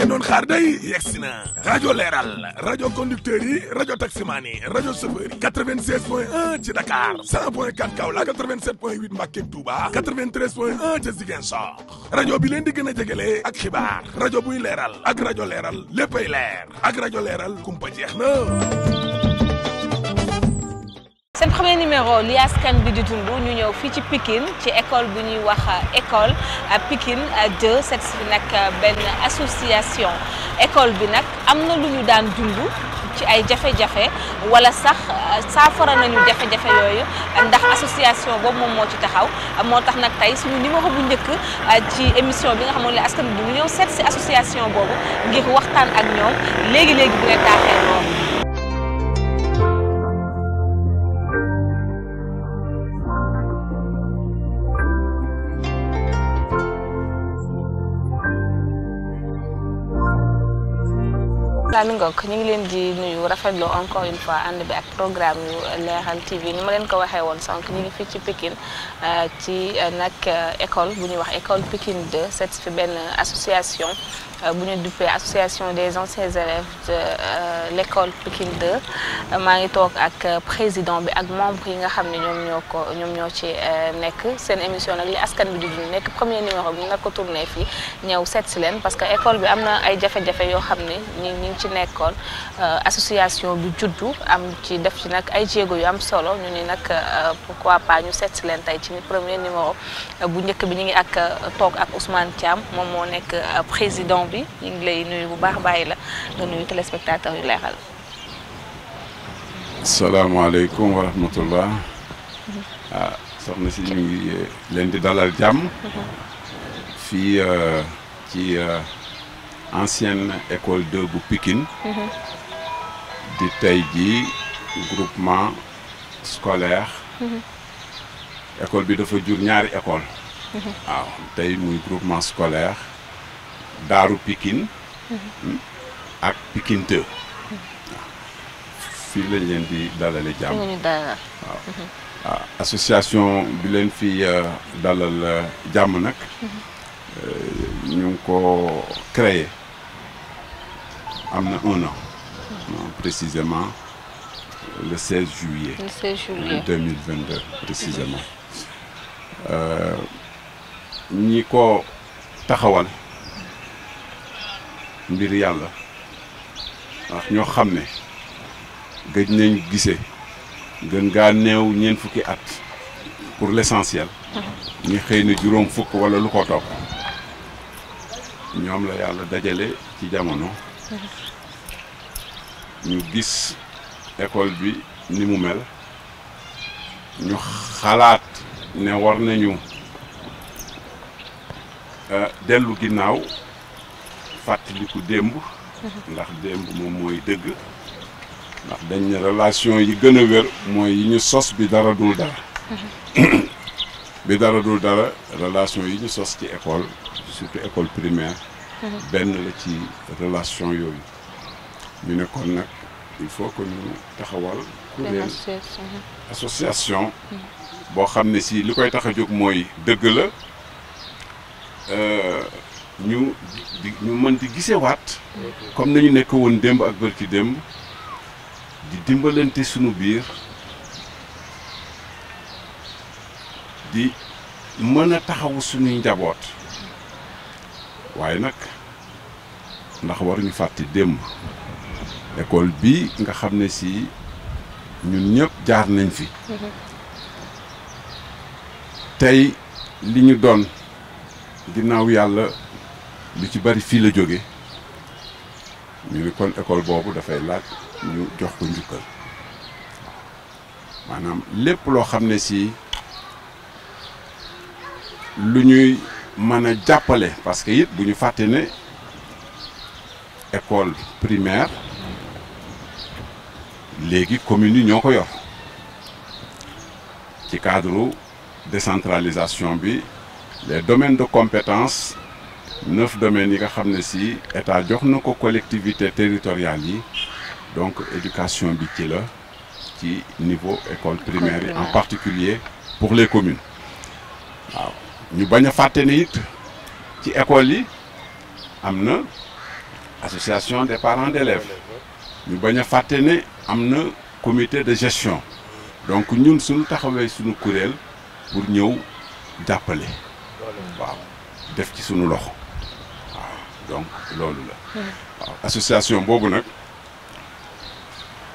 ngeen doon xaar day yegsi na rajo leeral rajo conducteurs yi rajo taximaan yi rajo chauffeur yi 96 point 1 ci Dakar 100 point 4 Kaolack 87 point 8 Mbacké Touba 93 point 1 ca rajo bi leen di gën a jegele ak xibaar rajo buy leeral ak rajo leeral léppay leer ak rajo leeral kumpa jeex na seen premier numéro li askan bi di dund ñu ñëw fii ci pikin ci école bu ñuy wax euh, école euh, Pikine 2 set fi nag euh, benn association école bi nag am na lu ñu daan dund ci ay jafe-jafe wala sax saafara nañu jafe-jafe yooyu ndax association boobu moom moo ci taxaw moo tax nag tey suñu numéro bu njëkk ci émission bi nga xamoon ne askan bi ñu ñëw seet si association boobu ngir waxtaan ak ñoom léegi-léegi bu ne taaxee loolu laa mi ngok ñu ngi leen di nuyu rafetlu encore une fois ànd bi ak programme yu leeral TV ni ma leen ko waxee woon sànq ñu ngi fii ci Pikine euh, ci euh, nag euh, école bu ñuy wax école Pikine 2 set fi benn association Euh, bu ñu duppee association des anciens élèves de euh, l' école Pikine 2 euh, maa ngi toog ak président bi ak membre yi nga xam ne ñoom ñoo ko ñoom ñoo ci nekk seen émission nag li askan bi di nekk premier numéro bi ñu nag ko tourné fii ñëw seet si leen parce que école bi am na ay jafe-jafe yoo xam ne ñu ñi ngi ci nekkoon association bi juddu am ci def ci nag ay jéego yu am solo ñu ni nag pourquoi pas ñu seet leen tey ci premier numéro bu njëkk bi ñu ngi ak toog ak Ousmane Thiam moom moo nekk président bi ñu ngi lay baax la nga nuyu téléspectateur yu leexal. salaamaaleykum wa rahmatullah. Mm-hmm. Ah, soxna si ñu ngi leen di dalal jàmm. Mm-hmm. fii euh, ci euh, ancienne école 2 bu Pikine. Mm-hmm. di tey jii groupement scolaire. école bi dafa jur ñaari école waaw ah, tey muy groupement scolaire. daaru Pikine mhm. hmm? ak Pikine fii lañ leen di dalale jàmm waaw mhm. ah, association bi leen fi euh, dalal euh, jàmm nag mhm. euh, ñu ngi ko créé am na un an précisément le 16 juillet. le 16 juillet 2022 précisément ñi ko taxawal mbir yàlla ndax ñoo xam ne gëj nañ gise gën gaa neew ñeent fukki at pour l'essentiel ñu xëy na juróom fukk wala lu ko ñoom la yàlla dajale ci jamono ñu gis école bi ni mu mel ñu xalaat ne war nañu euh, dellu ginnaaw ku démb ndax démb moom mooy dëgg ndax dañ ne relation yi gën a wér mooy yi ñu sos bi dara dul dara bi dara dul dara relation yi ñu sos ci école surtout école primaire benn la ci relation yooyu ñu ne kon nag il faut que ñu taxawal kuréel association boo xam ne si li koy tax a jóg mooy dëgg la euh, ñu di ñu mën di gisewaat comme nañu nekk woon démb ak bërki démb di dimbalante sunu biir di mën a taxawu sunuy njaboot waaye nag ndax waruñu fàtte démb école bi nga xam ne si ñun ñëpp jaar nañ fi tey li ñu doon ginnaaw yàlla li ci bari fii la jóge ñu ni kon école boobu dafay laaj ñu jox ko njukkal maanaam lépp loo xam ne si lu ñuy mën a jàppale parce que bu ñu fàtte ne école primaire léegi communes yi ñoo ko yor ci cadre décentralisation bi les domaines de compétence neuf domaines yi nga xam ne si état jox na ko collectivité territoriale yi donc éducation bi ci la ci niveau école primaire yi en particulier pour les communes waaw ñu bañ a fàtte ne it ci école yi am na association des parents d'élèves ñu bañ a fàtte ne am na comité de gestion donc ñun suñu taxawee suñu kuréel pour ñëw jàppale waaw def ci sunu loxo donc loolu la. waaw association boobu nag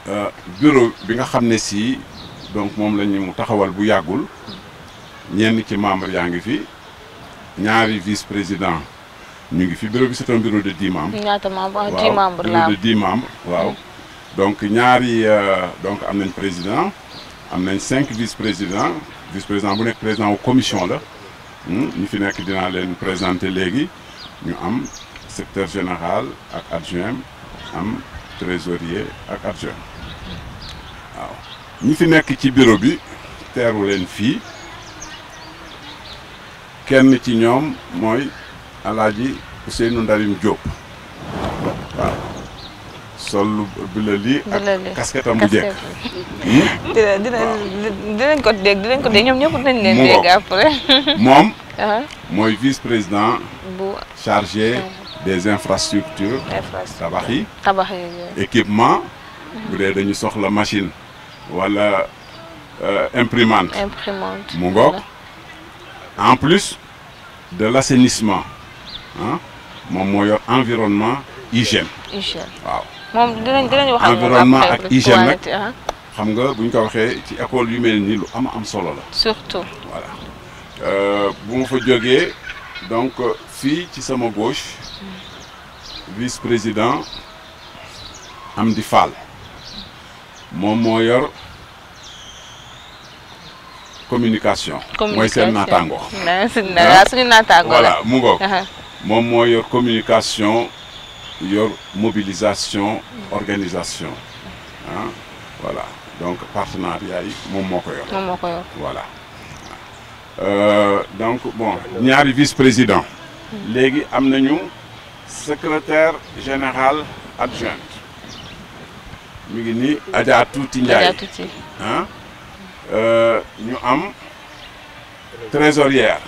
euh, bureau bi nga xam ne si donc moom la ñu taxawal bu yàggul ñenn ci membre yaa ngi fi ñaari vice président ñu ngi fi bureau bi c'est un bureau de dix membres. ñaata membres ah, dix membres waaw. Mm-hmm. donc ñaari euh, donc am nañ président am nañ cinq vice président vice président bu nekk président wu commission la hmm, ñu fi nekk dinaa leen présenter léegi ñu am. secteur général ak adjoint am trésorier ak adjoint waaw ñi fi nekk ci bureau bi teeru leen fii kenn ci ñoom mooy alaaji Ousseynou Ndarim Diop waaw sol lu bi la lii ak casquette am bu jekk dina dina dinañ ko dégg dégg ñoom ñëpp nañ leen dégg après moom uh-huh. mooy vice président bu chargé des infrastructures tabax yi tabax équipement bu dee dañu soxla machine wala euh, imprimante imprimante mu ngoog en plus de l' assainissement ah moom moo yor environnement hygiène waaw environnement ak hygiène nag xam nga buñ ko waxee ci école yu mel nii lu am am solo la surtout voilà euh, bu ma fa jógee donc fii ci sama gauche vice-président am di Fall moom moo yor communication. mooy seen ah. naataango. suñu naataango la moom moo yor communication yor mobilisation organisation ah voilà donc partenariat yi moom moo ko yor. moom euh, donc bon ñaari vice-président. Hmm. léegi am nañu. secrétaire général adjointe mi ngi nii Adja Tuuti Ndiaye ah ñu am trésorière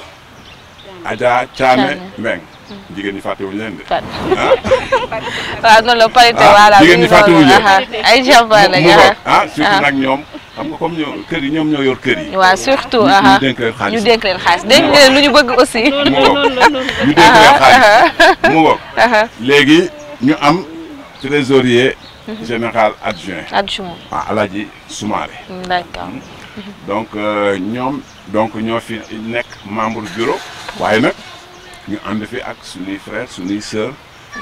Adja Thiamé Mbeng hmm. jigéen ñi fàttewuñu leen de. waaw noonu la parité ah, voilà jigéen ñi fàttewuñu leen ay jàmbaar lañ ah nag ñoom xam nga comme ñoo kër yi ñoom ñoo yor kër yi. waaw surtout ñu dénk leen xaalis ñu dénk leen xaalis lu ñu bëgg aussi. mu bokk ñu dénk leen xaalis mu bokk. léegi ñu am trésorier. général adjoint. adjoint waaw ah, Alaaji Soumaré. d'accord hmm. donc euh, ñoom donc ñoo fi nekk membre bureau. waaye nag ñu ànd fi ak suñuy frères suñuy sœurs.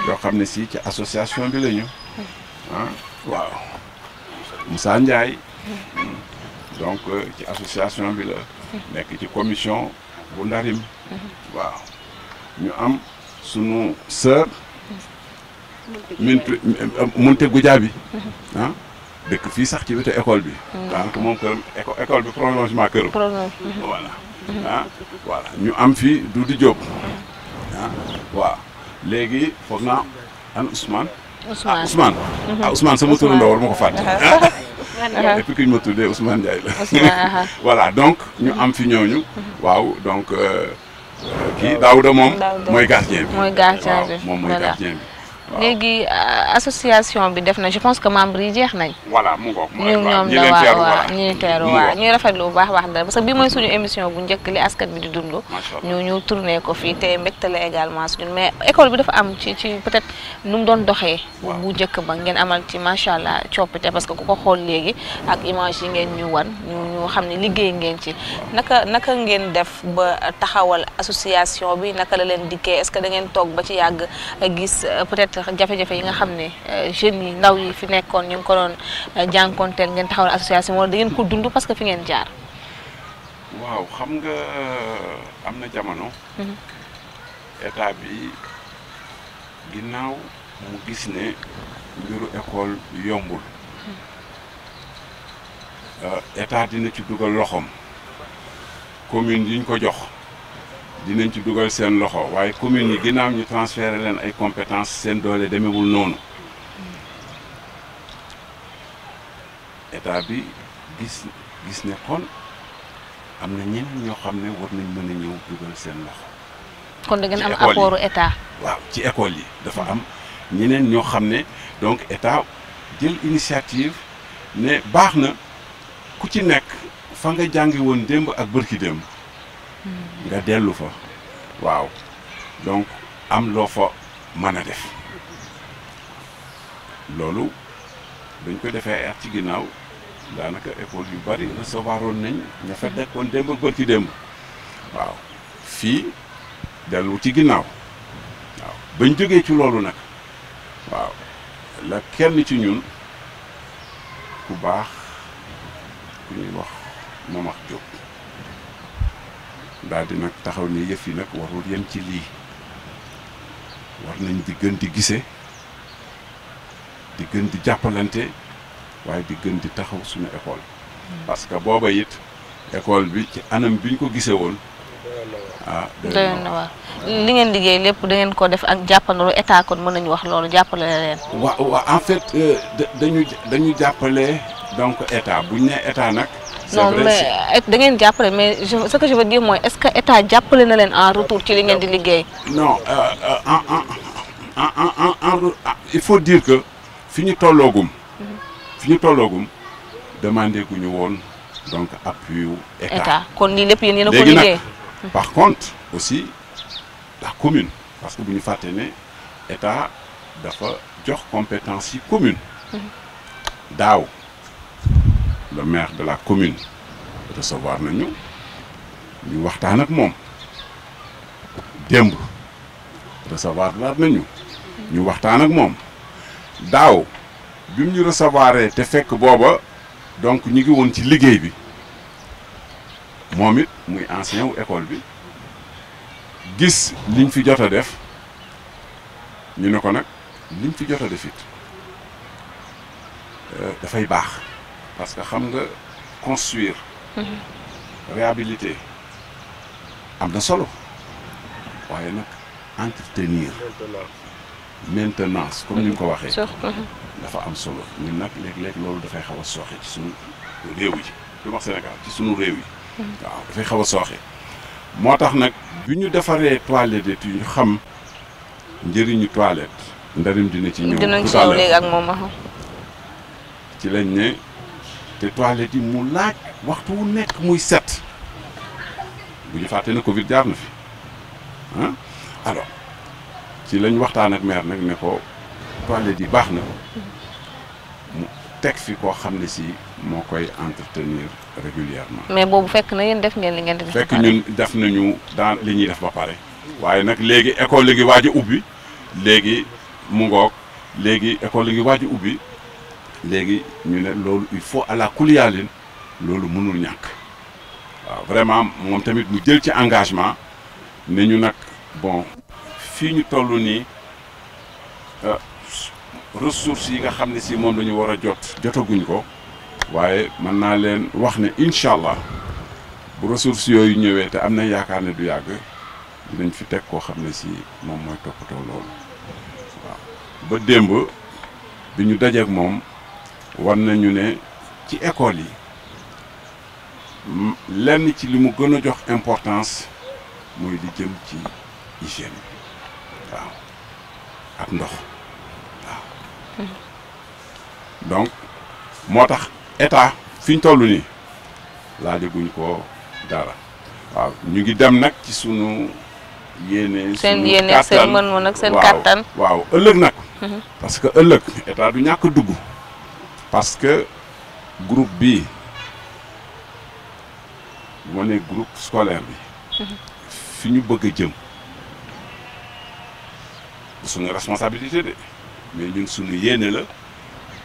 yoo xam ne si ci association bi la ñu. ah waaw Moussa donc euh, ci association bi la nekk ci commission bu Ndarim waaw ñu am sunu sœur Mintu Munte Gujaabi ah dëkk fii sax ci wetu école bi daanaka moom këram école bi prolongement këram voilà ah ñu am fi du di ah waaw léegi foog naa an Ousmane Ousmane Ousmane. ah Ousmane mhm. ah, sama turandoo war ma ko fàtte. Ousmane ah. depuis que ñu ma tuddee Ousmane Ndiaye la. voilà donc ñu am fi ñooñu. Mhm. waaw donc euh, euh, kii Daouda moom. mooy moom mooy gardien bi. léegi euh, association bi def na je pense que membre yi jeex nañ voilà mu ngoog ñu ñoom la waaw waaw ñu teeru waaw ñuy bu baax wax dara parce que bi mooy suñu émission bu njëkk li askan bi di dund ñu ñu tourné ko fii te mbégte la également suñu mais école bi dafa am ci ci peut-être nu mu doon doxee bu njëkk ba ngeen amal ci macha allah coppite parce que ku ko xool léegi ak image yi ngeen ñu wan ñu ñu xam ne liggéey ngeen ci naka naka ngeen def ba taxawal association bi naka la leen dikkee est-ce que da ngeen toog ba ci yàgg gis euh, jafe-jafe yi nga xam ne euh, jeunes yi ndaw yi fi nekkoon ñu ngi ko doon euh, jànkonteel ngeen taxawal association wala da ko dund parce que fi ngeen jaar. waaw xam nga euh, am na jamono. Mhm. état bi ginnaaw mu gis ne mbiru école yombul. Mhm. état dina ci dugal loxoom. commune yi ko jox. dinañ ci dugal seen loxo waaye communes yi ginnaaw ñu transféré leen ay compétences seen doole demewul noonu état bi gis gis ne kon am na ñeneen ñoo xam ne war nañ mën a ñëw dugal seen loxo. kon da ngeen am apportu état. waaw ci école yi dafa am ñeneen ñoo xam ne donc état jël initiative ne baax na ku ci nekk fa nga jàngi woon démb ak bërki démb. nga dellu fa waaw donc am loo fa mën a def loolu dañ ko defee at ci ginnaaw daanaka école yu bari recevoir woon nañ ña fa dekkoon démb ak bërki démb waaw fii dellu ci ginnaaw waaw bañ jógee ci loolu nag waaw la kenn ci ñun ku baax ku ñuy wax Mamax Diop daal di nag taxaw ni yëf yi nag warul yem ci lii war nañ di gën di gise di gën di jàppalante waaye di gën di taxaw suñu école hmm. parce que booba it école bi ci anam biñ ko gisee woon ah doyoon na li ngeen liggéey lépp da ngeen ko def ak jàppandalu état kon mën nañu wax loolu jàppale leen waaw waaw en euh, dañu dañu jàppale donc état buñ ne état nag non mais eh, da ngeen jàppale mais ce que je veux dire mooy est-ce que état jàppale na leen en retour ci li ngeen di liggéey. non euh, euh, en en en il faut dire que fi ñu tolloogum. Mhm. fi ñu tolloogum demandé gu ñu woon donc appui wu kon lii lépp yéen yéen a ko liggéey mhm. par contre aussi la commune parce que bu ñu fàtte ne état dafa jox compétence yi commune. Mhm. daaw. le maire de la commune recevoir nañu ñu waxtaan ak moom démb recevoir laat nañu ñu waxtaan ak moom daaw bi mu ñu recevoir te fekk booba donc ñu ngi woon ci liggéey bi moom it muy enseignant wu école bi gis liñ fi jot a def ñu ne ko nag liñ fi jot a def euh, dafay baax parce que xam nga construire. Mm-hmm. réabilité am na solo waaye nag entretenir maintenance comme ni nga ko waxee. Mm-hmm. dafa am solo ñun nag léeg-léeg loolu dafay xaw a sooxe ci sunu réew yi du wax Sénégal ci sunu réew yi. Mm-hmm. waaw dafay xaw a sooxe moo tax nag bi ñu defaree toilette yi ñu xam njëriñu toilette. ndarim dina ci ñëw dinañ ci ñëw léegi ak moom uh-huh. ci lañ ne. te toilette yi mu laaj waxtu wu nekk muy set bu ñu fàtte ne Covid jaar na fi ah ci lañu waxtaan ak maire nag ne ko toilette yi baax na mu teg fi koo xam ne si moo koy entretenir régulièrement mais boobu fekk na yéen def ngeen li ngeen def fekk ñun def nañu daan li ñuy def ba pare. waaye nag léegi école li gi waaj ubbi léegi mu ngoog léegi école li ngi waaju ubbi. léegi ñu ne loolu il faut à la kuliyaalin loolu mënul ñàkk waaw vraiment moom tamit mu jël ci engagement ne ñu nag bon fii ñu toll nii euh, ressources yi nga xam ne si moom la ñu war a jot jotaguñ ko waaye mën naa leen wax ne incha allah bu ressources yooyu ñëwee te am na yaakaar ne du yàgg dinañ fi teg koo xam ne si moom mooy toppatoo loolu waaw ba démb bi ñu dajeek moom wan nañu ne ci école yi lenn ci li mu gën a jox importance mooy li jëm ci hygiène waaw ak ndox waaw mm-hmm. donc moo tax état fi ñu toll nii laajaguñ ko dara waaw ñu ngi dem nag ci sunu yéene seen yéene seen mën-mën ak seen kàttan waaw ëllëg nag mm-hmm. parce que ëllëg état du ñàkk dugg parce que groupe bi bu ma ne groupe scolaire bi fi ñu bëgg a jëm suñu responsabilité de mais ñun suñu yéene la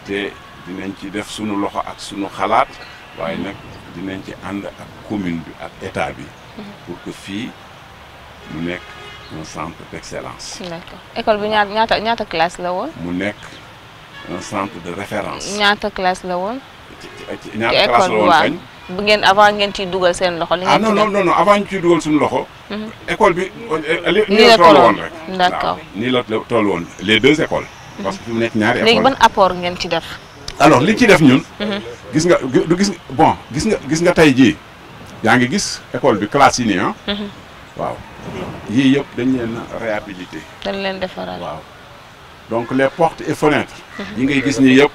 te dinañ ci def sunu loxo ak sunu xalaat waaye nag dinañ ci ànd ak commune bi ak état bi pour que fii mu nekk un centre d'excellence. d'accord école bi ñaata ñaata classe la woon. mu nekk. un centre de référence. ñaata classe la woon. ñaata classe la woon kañ. bu ngeen avant ngeen ciy dugal seen loxo. li ngeen ah non non non dugal suñu loxo. Mhm. école bi euh, nii la toll woon rek. d' accord nii la toll woon les deux écoles. Mhm. parce que fi mu nekk ñaari écoles léegi ban apport ngeen ci def. alors li ci def ñun. Mhm. gis nga du gis bon gis nga gis nga tey ji yaa ngi gis école bi classe yi nii ah. waaw yii yëpp dañ leen réhabilité. dañ leen defaraat waaw. donc les portes et fenêtres. yi ngay gis nii yëpp.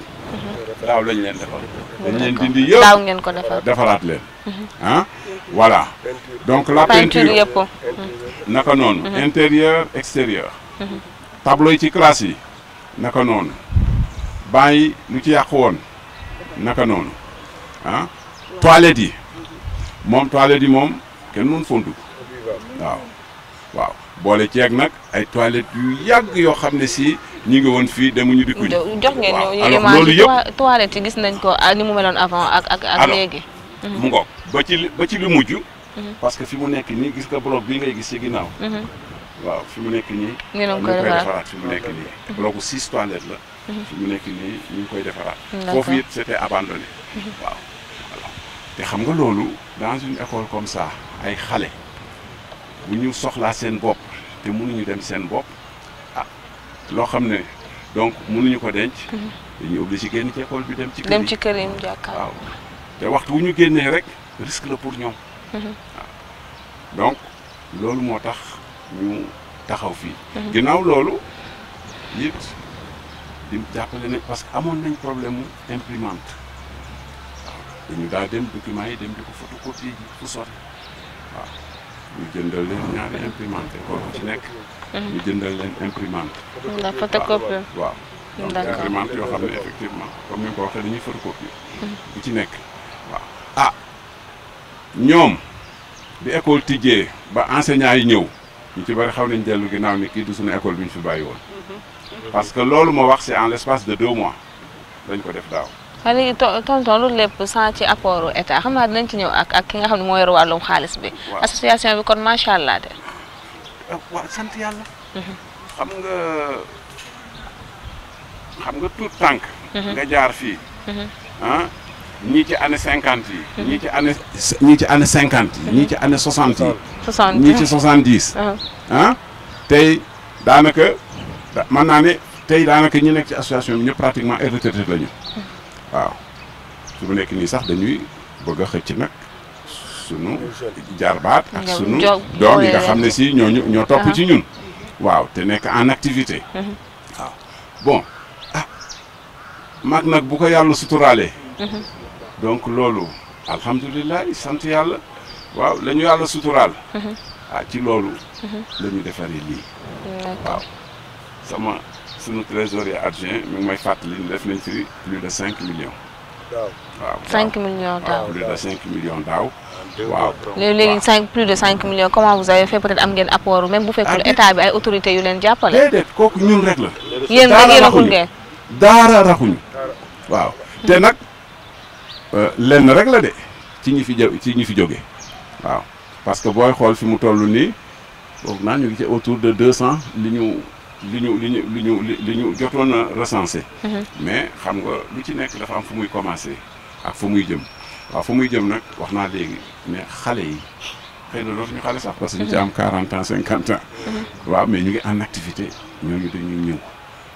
daaw lañ leen defal. dañ leen dindi yëpp daaw ngeen ko defal defalaat leen. ah voilà donc la peinture yëpp. naka noonu. Mhm. intérieur extérieur. Mhm. tableau ci classe yi naka noonu banc yi lu ci yàqu woon naka noonu ah yi moom toilettes yi moom kenn mënu fondu waaw waaw boole ceeg nag ay toilettes yu yàgg yoo xam ne si. ñi ngi woon fii demuñu dikkuñu. jox ngeen ñu image loolu yëpp toilette yi gis nañ ko ah, ni mu meloon avant ak ak ak léegi. Mhm. mu ngoog ba ci lu mujj. Mhm. parce que fi mu nekk nii gis nga bloc bi ngay gis ci ginnaaw. Mhm. waaw fi mu nekk nii. ñu ngi koy defaraat fi mu nekk nii. blocu six toilettes la. fi mu nekk nii ñu ngi koy defaraat. foofu it c'était abandonné. waaw te xam nga loolu dans une école comme ça ay xale bu ñu soxlaa seen bopp te mënuñu dem seen bopp. loo xam ne donc mënuñu ko denc. Mhm. dañuy obligé génn ci école bi dem ci. dem ci kër yi mu jàkkaarloo waaw te waxtu wu ñu génnee rek risque la pour ñoom. Mhm. waaw donc loolu moo tax ñu taxaw fii. Mhm. ginnaaw loolu it di jàppale ne parce que amoon nañ problème mu imprimante waaw dañu daal dem documents yi dem di ko photocopie yi fu sori waaw ñu jëndal leen ñaari imprimante kon ci nekk. ñu mhm. jëndal leen imprimante. ndax photocopie waaw donc imprimante yoo xam ne effectivement comme ni nga ko waxee dañuy photocopie bu mhm. ci nekk waaw ah ñoom bi école tijjee ba enseignants yi ñëw ñu ci bari xaw nañ dellu ginnaaw ni kii du suñu école bi ñu fi bàyyi woon mhm. parce que loolu ma wax si en l'espace de deux mois dañ ko def daaw. xale yi tonton lu lépp sans ci apportu état xam naa dinañ ci ñëw ak ak ki nga xam ne moo yor wàllum xaalis bi. association bi kon macha allah de. Ah, sant yàlla. Mhm. xam nga xam nga tuut tànk. Mhm. nga jaar fii. Mhm. ah ñii ci année cinquante yi. ñii ci année ci année cinquante yi. ñii ci année soixante yi. ñii ci soixante dix. Ah, tey daanaka man naa ne tey daanaka ñi nekk ci association bi ñëpp pratiquement ay retraité la waaw su mu nii sax dañuy bëgg a xëcc nag. sunu jarbaat ak sunu doom yi nga xam ne si ñooñu ñoo topp ci uh-huh. ñun waaw te nekk en activité uh-huh. waaw bon ah mag nag bu ko yàlla suturaalee uh-huh. donc loolu alhamdulilah sant yàlla waaw lañu yàlla suturaal ah ci loolu la ñu defaree lii waaw sama sunu trésorier adjoint mi ngi may fàttali ñu def nañ fi plus de cinq million waaw cinq millions daaw plus de daaw waaw léegi cinq plus de cinq millions comment vous avez fait peut-être am ngeen apport même bu fekkul ah, état bi ay autorités yu leen jàppale. déedéet kooku ñun rek la. yéen rek yéen raxul ngeen daara raxuñu waaw te nag euh, lenn rek la de ci ñi fi ci ñi fi jóge waaw parce que booy xool fi mu toll nii foog naa ñu ngi ci autour de deux cent li ñu li ñu li ñu li ñu li ñu jotoon a recensé. Mm-hmm. mais xam nga lu ci nekk dafa am fu muy commencé ak fu muy jëm. waaw fu muy jëm nag wax naa léegi mais xale yi xëy na ñu xale sax parce que ñu ci am 40 ans 50 ans. Mhm. waaw mais ñu ngi en activité ñu dañuy ñëw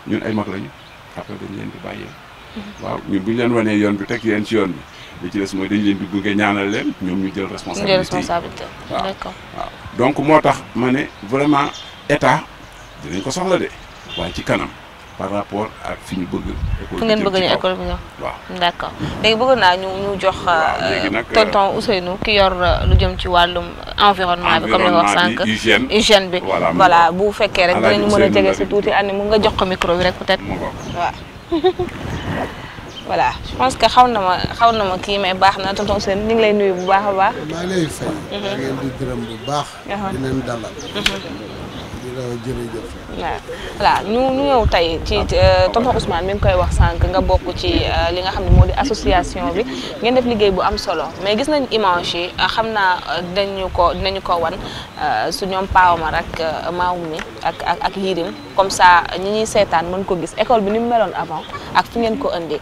ñun ay mag lañu après dañ leen di bàyyee. Mhm. waaw ñu bu ñu leen wanee yoon bi teg yeen ci yoon bi li ci des mooy dañu leen di gunge ñaanal leen ñoom ñu jël responsabilité responsabilité waaw waaw donc moo tax ma ne vraiment état dinañ ko soxla de waaye ci kanam. par rapport ak fi ñu bëgg. fu ngeen bëgg ñu école bi ñëw waaw d' accord léegi bëgg naa ñu ñu jox. Euh, tonton euh, Ousseynou ki yor euh, lu jëm ci wàllum environnement bi. comme ni nga wax sànq hygiène bi voilà bu fekkee rek dinañu mën a jege si tuuti ànd mu nga jox ko micro bi rek peut voilà je pense que xaw na ma xaw na ma kii mais baax na tonton Ousseynou ngi lay nuyu bu baax a baax. Mhm. baax. Uh-huh. dalal. Uh-huh. jërëjëf waaw voilà ñu ñu ñëw tey ci euh, tonton Ousmane mi ngi koy wax sànq nga bokk ci euh, li nga xam ne moo di association bi ngeen def liggéey bu am solo mais gis nañu image yi euh, xam naa dañu ko dinañu ko wan su ñoom paawamar ak maawum mi ak ak ak yirim comme ça ñi ñuy seetaan mën ko gis école bi ni mu meloon avant ak fi ngeen ko indi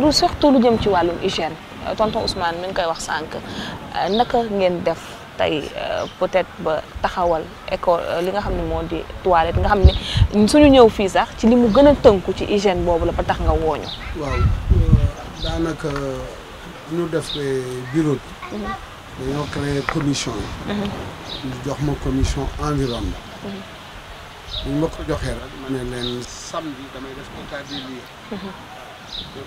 lu surtout lu jëm ci wàllum hygiène tonton Ousmane mi ngi koy wax sànq naka ngeen def tey euh, peut-être ba taxawal école euh, li nga xam ne moo di toilette nga xam ne suñu ñëw fii sax ci li mu gën a tënku ci hygiène boobu la ba tax nga wooñu waaw euh, daanaka ñu def bureau bi mm-hmm. dañoo créé commission yi mm-hmm. ñu jox ma commission environ mm-hmm. bu ñu ma ko joxee rek ma ne leen samedi damay def état des lieux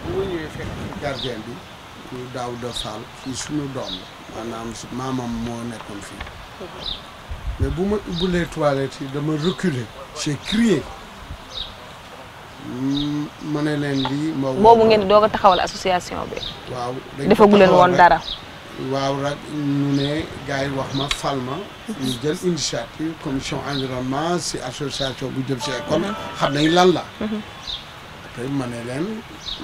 bu ma ñëwee fekk gardien bi Daouda Fall fii suñu doom maanaam su maamam moo nekkoon fii mais bu ma ubbulee toilettes yi dama reculer j'ai crié hmm, ma ne leen lii mbaw boobu ngeen doog a taxawal association bi waaw defagu leen woon dara waaw rek ñu ne gars yi wax ma fal ma ñu jël initiative commission environnement si association bu jël si école mhm. xam nañ lan la mhm. tey ma ne leen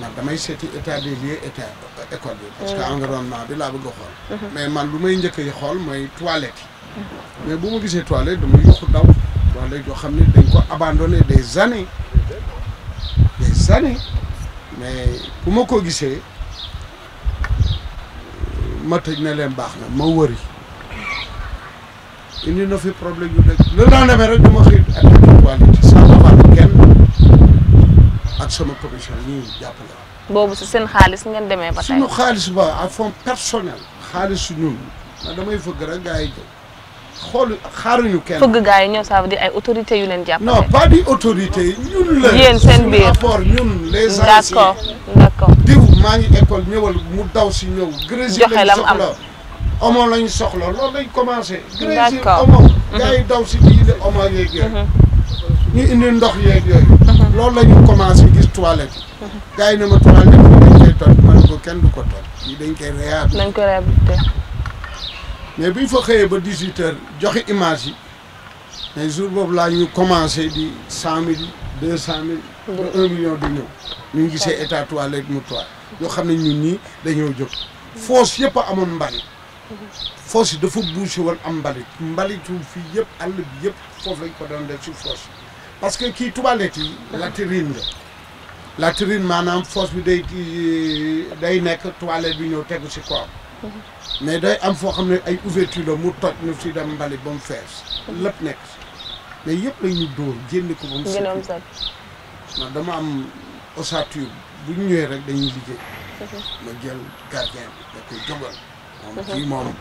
man damay seeti état des lieux état école bi. parce que mm. environnement bi laa bëgg a mm-hmm. mais man lu may njëkk yi xool mooy toilette mm-hmm. mais bu ma gisee toilette damay yokk daw toilette yoo xam ne dañ ko abandonné des années des années mais bu ma ko gisee ma tëj ne leen baax na ma wëri indi na fi problème yu la demee rek dama xëy ak toilette ak sama commission ñuy jàppale boobu si seen xaalis ngeen demee ba tey suñu xaalis ba à fond personnel xaalis ñun ndax damay fëgg rek gars yi jóg xool xaaruñu kenn. fëgg gars yi ñoom ça veut ay autorités yu leen jàppale. non pas di autorités yi ñun la. yéen seen biir rapport ñun les anciens. d'accord maa ngi école ñëwal mu daw si ñëw. joxe la mu am grésil omo lañ soxla loolu lañ commencé. grésil omo. Mhm. gars yi daw si biir omo yeeg yooyu. ñu indi ndox yeeg yooyu. lool la ñu commencé gis toilette. gars yi ne ma toilette ma ne ko kenn du ko toj. yi dañ koy réhabilité dañ ko réhabilité. mais bi ñu fa xëyee ba dix huit joxe image yi mais jour boobu laa ñu commencé di cent mille deux cent mille. ba un million di ñëw. ñu ngi gisee état toilette mu toile. yoo xam ne ñun nii dañoo jóg. foos yëpp a amoon mbalit. foos yi dafa bouché woon am mbalit. mbalitu fii yëpp àll bi yëpp foofu lañ ko doon def si foos parce que kii tubalet yi latrine la latrine maanaam fosse bi day day nekk toilette bi ñëw tegu si koor mais day am foo xam ne ay ouverture la mu toj ñu si dem mbalit lépp nekk mais yëpp la ñu dóor génn ko ba mu set dama am ossature bu ñu ñëwee rek dañuy liggéey ma jël gardien bi da koy jógal moom kii moom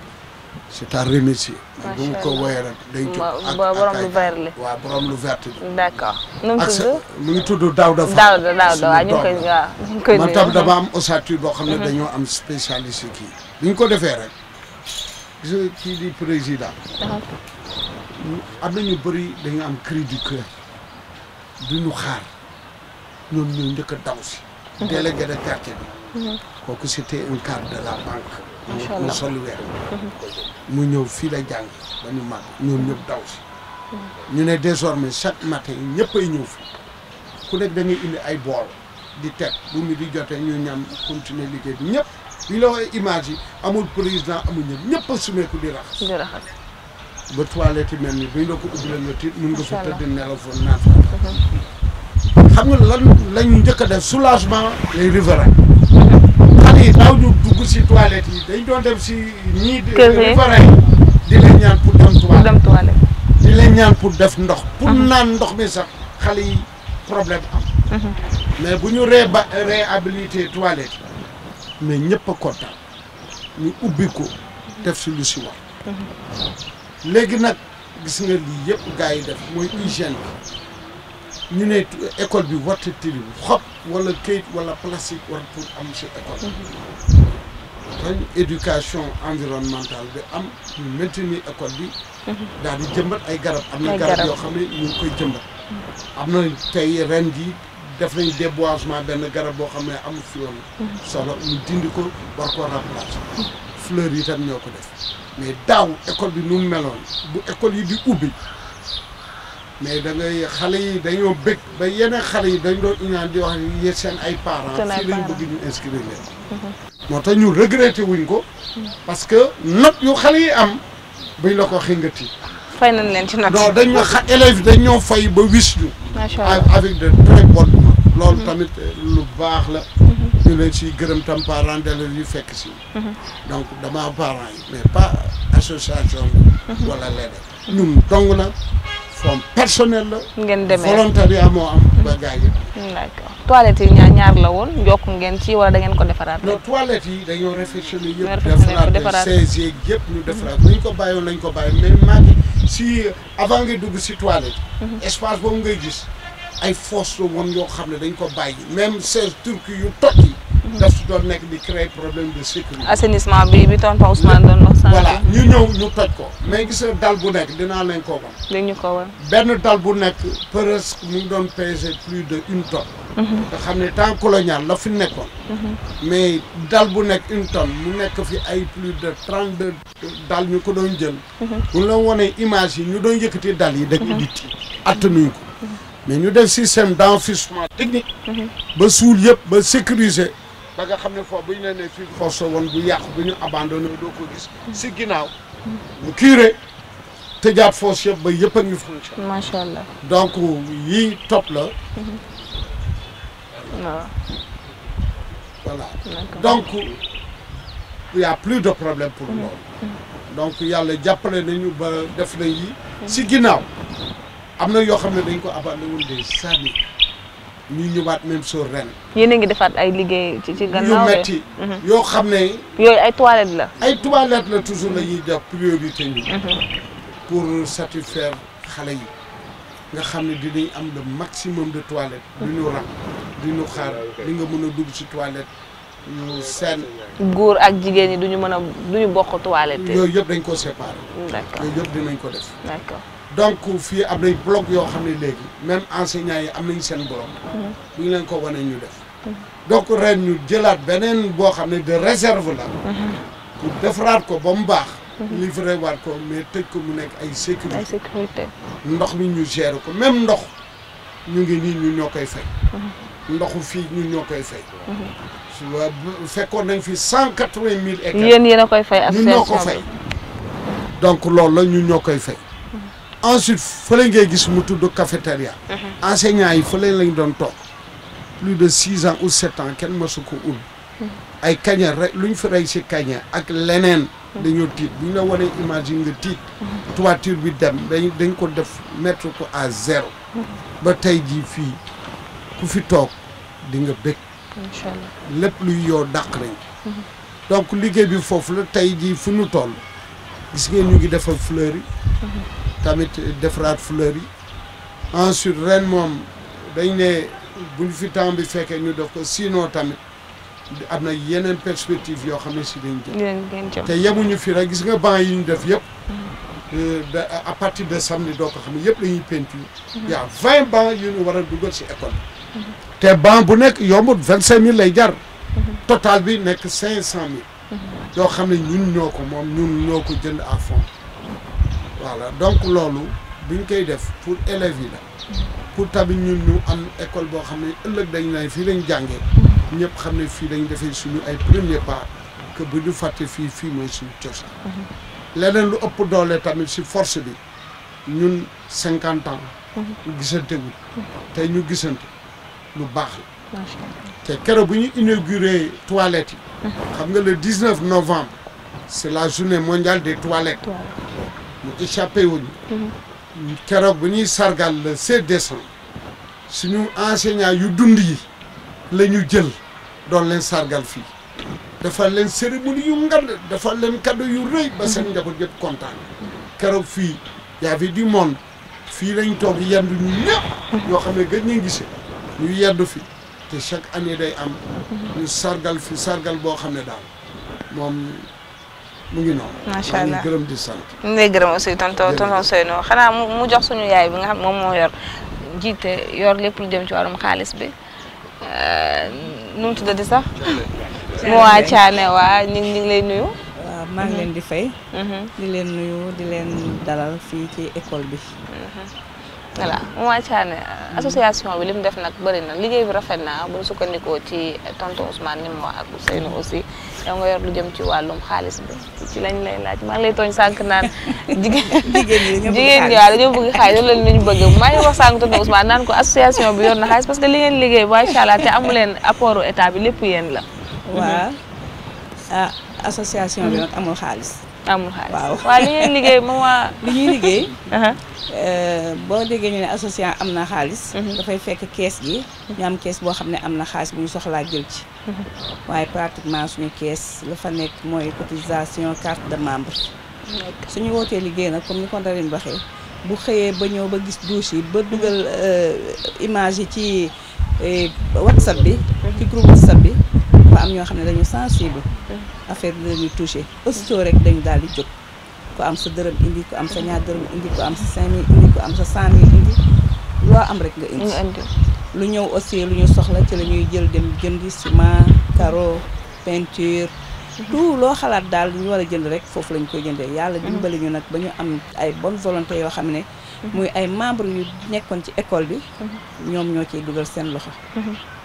c'est à remercier. macha bu mu ko woyee rek day jóg ak ak borom lu vert la. waaw borom mu tudd ngi tudd Daouda Fall. Daouda Daouda man tam dama am ossature boo xam ne mhm. dañoo am spécialiste kii. bi ko defee rek je kii di président. Mhm. am na ñu bëri dañu am cri du cœur xaar ñoom ñooy njëkk a daw si. Mhm. délégué de quartier bi. kooku c'était un cadre de la banque. macha allah mu ñëw fii la jàng ba ñu màgg ñoom ñëpp daw si. ñu ne désormais chaque matin ñëpp ay ñëw fi ku nekk dañuy indi ay bool di teg bu mu di jotee ñu ñam continuer liggéey bi ñëpp bi la waxee image yi amul président amul ñëpp ñëpp a sumeeku di raxas. di raxas. ba toilette yi mel ni buñ la ko ubbi leen nga mun nga fa tëdd nelaw fa naan mhm. xam nga lan lañu njëkk a def soulagement les riverains. xale yi daaw ñu dugg si toilette yi dañ doo dem si ñii riverains yi di leen ñaan pour dem toilette di leen ñaan pour def ndox pour naan ndox mi sax xale yi problème am mhm. mais bu ñu réba réhabilité toilette mais ñëpp a kontaan ñu ubbi ko def si lu si war mhm. léegi nag gis nga lii yëpp gars yi def mooy hygiène ñu ne école bi warta tilim xob wala këyit wala plastique war pour am si école dañ éducation environnementale bi am ñu maintenir école bi daal di jëmbat ay garab am na garab yoo xam ne ñu koy jëmbat am na tey ren jii def nañ déboisement benn garab boo xam ne amu fi woon solo ñu dindi ko war ko remplacer fleur yi tam ñoo ko def mais daaw école bi nu meloon bu école yi bi ubbi mais dangay xale yi dañoo bëgg ba yeneen xale yi dañ doon ñaan di wax seen ay parents fii lañ bëgg ñu inscrire leen mhm. moo tax ñu regretté wuñ ko parce que note yu xale yi am buñ la ko xingati fay nañ leen ci note non dañ ñoo dañ ñoo fay ba wis ñu avec de très bonnes notes loolu mhm. tamit euh, lu baax la mhm. ñu leen siy gërëm tam parents d'élèves yu fekk si donc dama parents yi mais pas association wala leneen ñun dong na forme personnelle la. ngeen demee volontariat moo am mm. ba gaañ a. yi ñaar ñaar la woon jokk ngeen ci wala dangeen ko defaraat. non toilettes yi dañoo réfectionné yëpp. defaraat defaraat seize yëpp ñu defaraat bu ñu ko bàyyoon lañ ko bàyyi mais maa si avant nga dugg si toilette. Mm-hmm. espace boobu ngay gis ay fosse la woon yoo xam ne dañ ko bàyyi même seize turcs yu tot daf doon nekk di créer problème de sécurité. assainissement bi bi tonton Ousmane doon wax. sànq ñu ñëw ñu toj ko. mais gis dal bu nekk dinaa leen ko wan. ñu ko wan. benn dal bu nekk presque mu doon peser plus de une tonne. Mhm. nga xam ne temps colonial la fi nekkoon. Mhm. mais dal bu nekk une tonne mu nekk fi ay plus de trent deux dal ñu ko doon jël. Mhm. bu la wonee image yi ñu doon yëkkati dal yi. dañuy di tiit attanuñ ko. mais ñu def système d' enfouissement technique. ba suul yëpp ba sécuriser. ba nga xam ne foofu bu ñu leen ne foofu force woon bu yàqu bu ñu abandonné doo ko gis si ginnaaw mu curé tëjaat force yëpp ba yëpp a ngi fonctionné macha allah donc yii topp la waaw voilà donc il plus de problème pour loolu mm-hmm. donc yàlla jàppale nañu ba def na yi mm-hmm. si ginnaaw am na yoo xam ne dañ ko abandonné woon des années ñu ñëwaat même sóor ren. yéen a ngi defaat ay liggéey ci ci gannaaw yu mhm. yoo xam ne. yooyu ay toilettes la. ay toilettes la toujours la ñuy def priorité ñu. Mhm. pour satisfaire xale yi nga xam ne dinañ am le maximum de toilettes. Mhm. du ñu ram du ñu xaar li nga mën a dugg ci toilette ñu seen. góor ak jigéen ñi du mën a du ñu bokk toilette. yooyu yëpp dañ ko séparer. d'accord yooyu ko def. d'accord. donc fii am nañ blog yoo xam ne léegi même enseignants yi am nañu seen blog mhm. bu ñu leen ko wane ñu def mhm. donc ren ñu jëlaat beneen boo xam ne de réserve la mhm. pour defaraat ko ba mu baax livré waat ko mais tëj ko mu nekk ay sécurité ndox mi ñu gérer ko même ndox ñu ngi nii ñu ñoo koy fay ndoxu fii ñun ñoo koy fay fekkoon nañ fi cent quatre-vingt mille hectares yéen yéen a koy fay ñoo ko fay donc loolu la ñu ñoo koy fay ensuite fële ngay gis mu tudd cafétéria uh-huh. enseignants yi fële lañ doon toog plus de six ans ou sept kenn mësu ko ul uh-huh. ay kaña rek luñ fi si kaña ak leneen uh-huh. dañoo tiit bu ñu la wanee image yi nga tiit toiture bi dem dañ dañ ko def mettre ko à zéro ba tey jii fii ku fi toog di nga bég lépp luy yoo dàq nañ donc liggéey bi foofu la tey jii fu ñu toll gis ngeen ñu ngi defal fleur yi tamit defaraat fleur yi ensuite ren moom dañ ne buñ fi temps bi fekkee ñu def ko sinon tamit am na yeneen perspective yoo xam ne si dañ jëm te yemuñu fi rek gis nga banc yi ñu def yëpp da mm. euh, à partir de samedi doo ko xam ne yëpp la ñuy peinture mm-hmm. yaa vingt banc yu ñu wara a si école mm-hmm. te banc bu nekk yombut vingt cinq mille lay jar mm-hmm. total bi nekk cinq cent mille yoo xam ne ñun ñoo ko moom ñun ñoo ko jënd à fond voilà donc loolu biñ koy def pour élèves yi la pour tamit ñun ñu am école boo xam ne ëllëg dañ naa fii lañ jàngee ñëpp xam ne fii dañ defee suñu ay premier pas que bu ñu fàttee fii fii mooy suñu cosaan leneen lu ëpp doole tamit si force bi ñun cinquante ans gisante wu tey ñu gisante lu baax la te keroog bu ñu inauguré toilettes xam nga le 19 novembre c'est la journée mondiale des toilettes mu échappé wuñu keroog bu ñuy sargal le 7 décembre suñu enseignant yu dund yi la ñu jël doon leen sargal fii dafa leen cérémonie yu ngand dafa leen cadeau yu rëy ba seen njaboot yëpp kontaan keroog fii y avait du monde fii lañ toog yendu ñu ñëpp ñoo xam ne gën ñu gisee ñu yendu fi te chaque année day am ñu sargal fi sargal boo xam ne daal moom mu macha allah maa ngi gërëm di sant. ñu ngi lay gërëm aussi tonton tonton Seynou xanaa mu jox suñu yaay bi nga xam moom moo yor jiite yor lépp lu jëm ci wàllum xaalis bi euh, nu mu tuddati sax. mu waa Thiané waa ñu ngi lay nuyu. maa ngi leen di fay. Mm-hmm. di leen nuyu di leen dalal fii ci école bi. Mm-hmm. voilà Mouatiane association bi li mu def nag bëri na liggéey bi rafet naa bu sukkandikoo ci tonto Ousmane ni wax ak Ousseynou aussi yow nga yor lu jëm ci wàllum xaalis bi ci lañ lay laaj maa ngi lay tooñ sànq naan jigéen jigéen ñi waaw dañoo bëgg xaalis loolu lañu bëgg maa ngi wax sànq tonton Ousmane naan ko association bi yoon na xaalis parce que li ngeen liggéey macha allah te amu leen apportu état bi lépp yéen la waaw ah, association bi nag amul xaalis amul xaalis waaw waaw li ñuy liggéey li ñuy liggéey. Euh, boo déggee ñu ne association am na xaalis. Mhm. dafay fekk kees gi. ñu am kees boo xam ne am na xaalis bu ñu soxlaa jël ci. Mhm. waaye pratiquement suñu kees la fa nekk mooy cotisation carte de membre. suñu wootee liggéey nag comme ni Kontarine waxee bu xëyee ba ñëw ba gis douche ba dugal euh, image yi ci euh, WhatsApp bi. ci groupe WhatsApp bi. dafa am ñoo xam ne dañu sensible affaire bi dañuy touché aussitôt rek dañu daal di jóg ku am sa dërëm indi ku am sa ñaar dërëm indi ku am sa cinq indi ku am sa cent indi loo am rek nga indi lu ñëw aussi lu ñu soxla ci la ñuy jël dem jëndi ciment carreau peinture mhm. tout loo xalaat daal lu ñu war a jënd rek foofu lañ koy jëndee yàlla mhm. dimbali ñu nag ba ñu am ay bonne volonté yoo xam ne mhm. muy ay membre yu nekkoon ci école bi ñoom ñoo ciy dugal seen loxo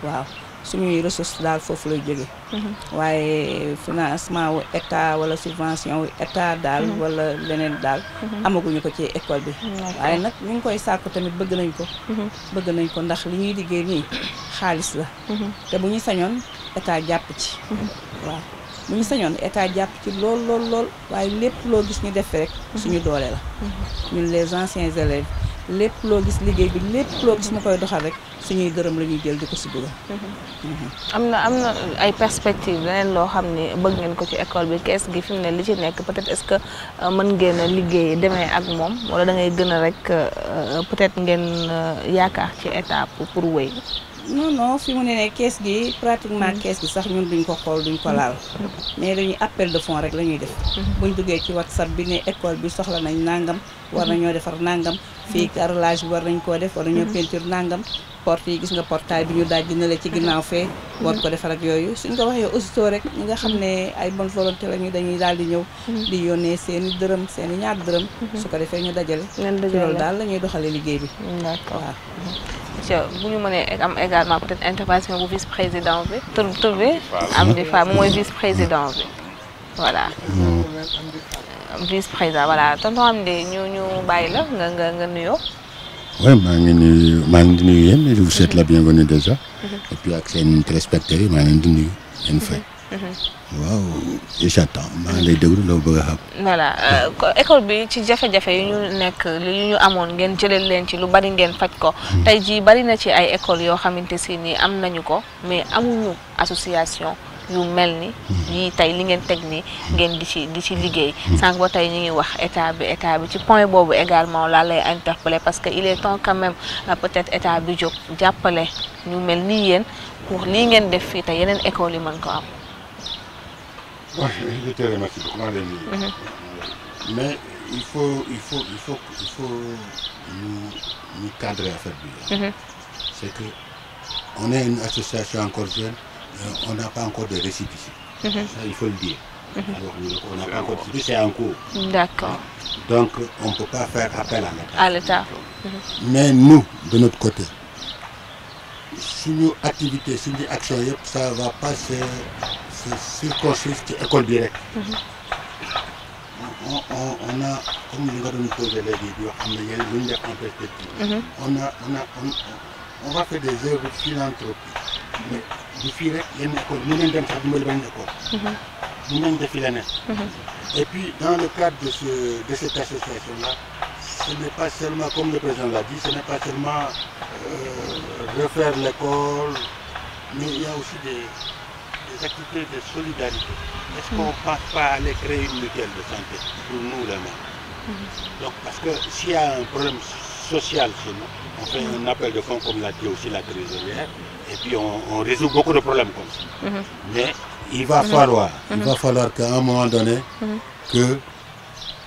waaw suñuy ressource daal foofu lay jóge mhm. waaye financement wu état wala subvention wu état daal mhm. wala leneen daal mhm. amaguñu ko ci école bi waaye nag ñu ngi koy sàkku tamit bëgg nañ ko bëgg nañ ko ndax li ñuy liggéey nii xaalis la te bu ñu sañoon état jàpp ci waaw bu ñu sañoon état jàpp ci lool lool waaye lépp loo gis ñu def rek suñu doolee la ñun les anciens élèves lépp loo gis liggéey bi lépp loo gis mu koy doxal rek suñuy gërëm la ñuy jël di ko si dugal. Mm-hmm. am na am na ay perspectives leneen loo xam ni bëgg ngeen ko ci école bi kees gi fi mu ne li ci nekk peut-être est-ce que euh, mën ngeen a liggéey demee ak moom wala da ngay gën a rek euh, euh, peut-être ngeen yaakaar ci étape pour wéy. non non fi mu ne ne kees gi pratiquement mm-hmm. kees gi sax ñun duñ ko xool duñ ko laal mm-hmm. mais dañuy appel de fonds rek la ñuy def mm-hmm. buñ duggee ci whatsapp bi ne école bi soxla nañ nangam war nañoo defar nangam fii carrelage bi war nañ koo def war nañoo peinture nangam porte yi gis nga portail bi ñu daaj dina la ci ginnaaw fee war ko defar ak yooyu suñ ko waxee aussitôt rek nga xam ne ay bonne volonté la ñu dañuy daal di ñëw mm-hmm. di yónnee seen i dërëm seen i ñaar dërëm mm-hmm. su ko defee ñu dajale loolu daal la ñuy doxale liggéey bi d'accord waaw bu ñu mënee am également peut-être intervention bu vice-président bi tur tur bi am di fa mooy vice-président bi voilà mm-hmm. vice-président voilà tonton am di ñu ñu bàyyi la nga nga nga nuyoo oui maa ngi nuyu maa ngi nuyu yéen je vous souhaite la bienvenue déjà. Mhm. et puis ak seen respecteur yi maa ngi leen di nuyu. yéen fay. Mhm. Mhm. waaw j'attends maa ngi lay loo bëgg xam. voilà euh, école bi ci jafe-jafe yi ñu nekk li ñu amoon ngeen jëlal leen ci lu bari ngeen faj ko. tey jii bari na ci ay école yoo xamante si nii am nañu ko mais amuñu association. yu mel ni hmm. ñii tey li ngeen teg ni hmm. ngeen di ci di ci hmm. liggéey sànq ba tey ñu ngi wax état bi état bi ci point boobu également laa lay interpeller parce que il est temps quand même euh, peut-être état bi jóg jàppale ñu mel ni yéen pour lii ngeen def fii te yeneen école yi mën ko am waaw je te remercie beaucoup maa Euh, on n'a pas encore de récépissé. Mhm. Ça, il faut mhm. on n'a pas encore de c'est en cours. D'accord. Donc, on peut pas faire appel à l'État. Mhm. Mais nous, de notre côté, suñu activité suñu action yëpp ça va pas se se école bi rek. on va des œuvres de philanthropie fii rek ñu leen dem sax dimbali benn école ñu leen defi leneen mhm. et puis dans le cadre de ce de cette association ce n'est pas seulement comme le président l'a dit ce n'est pas seulement euh, refaire l'école mais il y a aussi des des activités de solidarité est-ce qu'on mhm. pense pas à aller créer une mutuelle de santé pour nous les mêmes parce que s'il y a un problème social chez nous on fait un appel de fonds comme l'a dit aussi la trésorière et puis on, on beaucoup de problèmes comme ça. Mhm. Mais il va mhm. falloir, il mhm. un moment donné que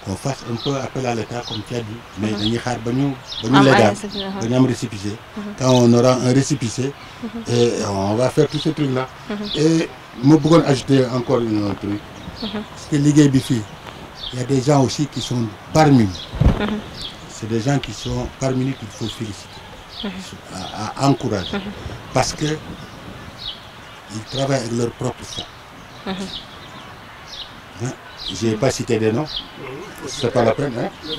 qu'on fasse un peu appel à l'État comme tu as dit mais dañuy xaar ba ñu ba ñu légal ba ñu am quand on aura un récépissé et on va faire tout ce truc là et ma bëggoon ajouter encore un truc parce que liggéey bi fii y a des gens aussi qui sont parmi nous c'est des gens qui sont parmi nous qu'il faut féliciter, mhm. à, encourager, mhm. parce que ils travaillent avec leur propre sang. Mmh. pas cité des noms, c'est pas la peine. il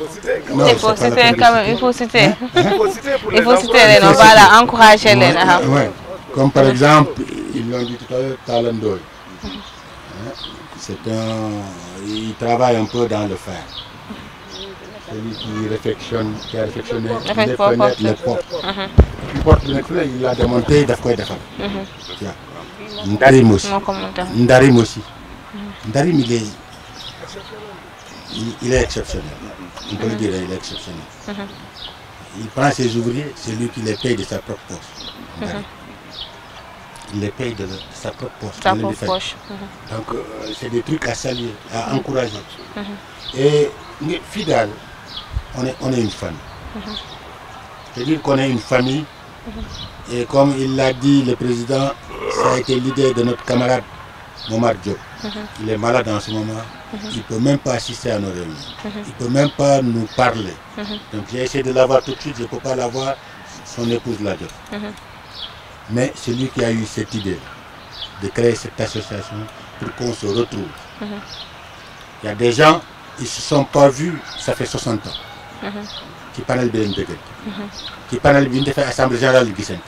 faut citer quand même, voilà, encourager les noms. Comme par exemple, ils l'ont dit tout à l'heure, Talandoy. Mhm. C'est un... Il un peu dans le fer. celui qui réfectionne la demoon tey daf koy defal waaw ndarim aussi ndarim aussi mhm. ndarim il est il est exceptionnel on peut le dire mhm. de sa propre poche mhm. ndarim il les paye de sa propre poche sa propre poche donc euh, c'est des trucs à saluer à encourager et fii daal on est, on est une famille. Mhm. cest qu'on est une famille. Mhm. Et comme il l'a dit, le président, ça a été l'idée de notre camarade Momar Diop. Mhm. Il est malade en ce moment. Il peut même pas assister à nos réunions. Il ne peut même pas nous parler. Donc j'ai essayé de l'avoir tout de suite, je ne peux pas l'avoir. Son épouse l'a Diop. Mais celui qui a eu cette idée de créer cette association pour qu'on se retrouve. Il y a des gens, ils se sont pas vus, ça fait ans. ci panel bi lañ dëggal ci panel bi ñu defee assemblée générale yu gisante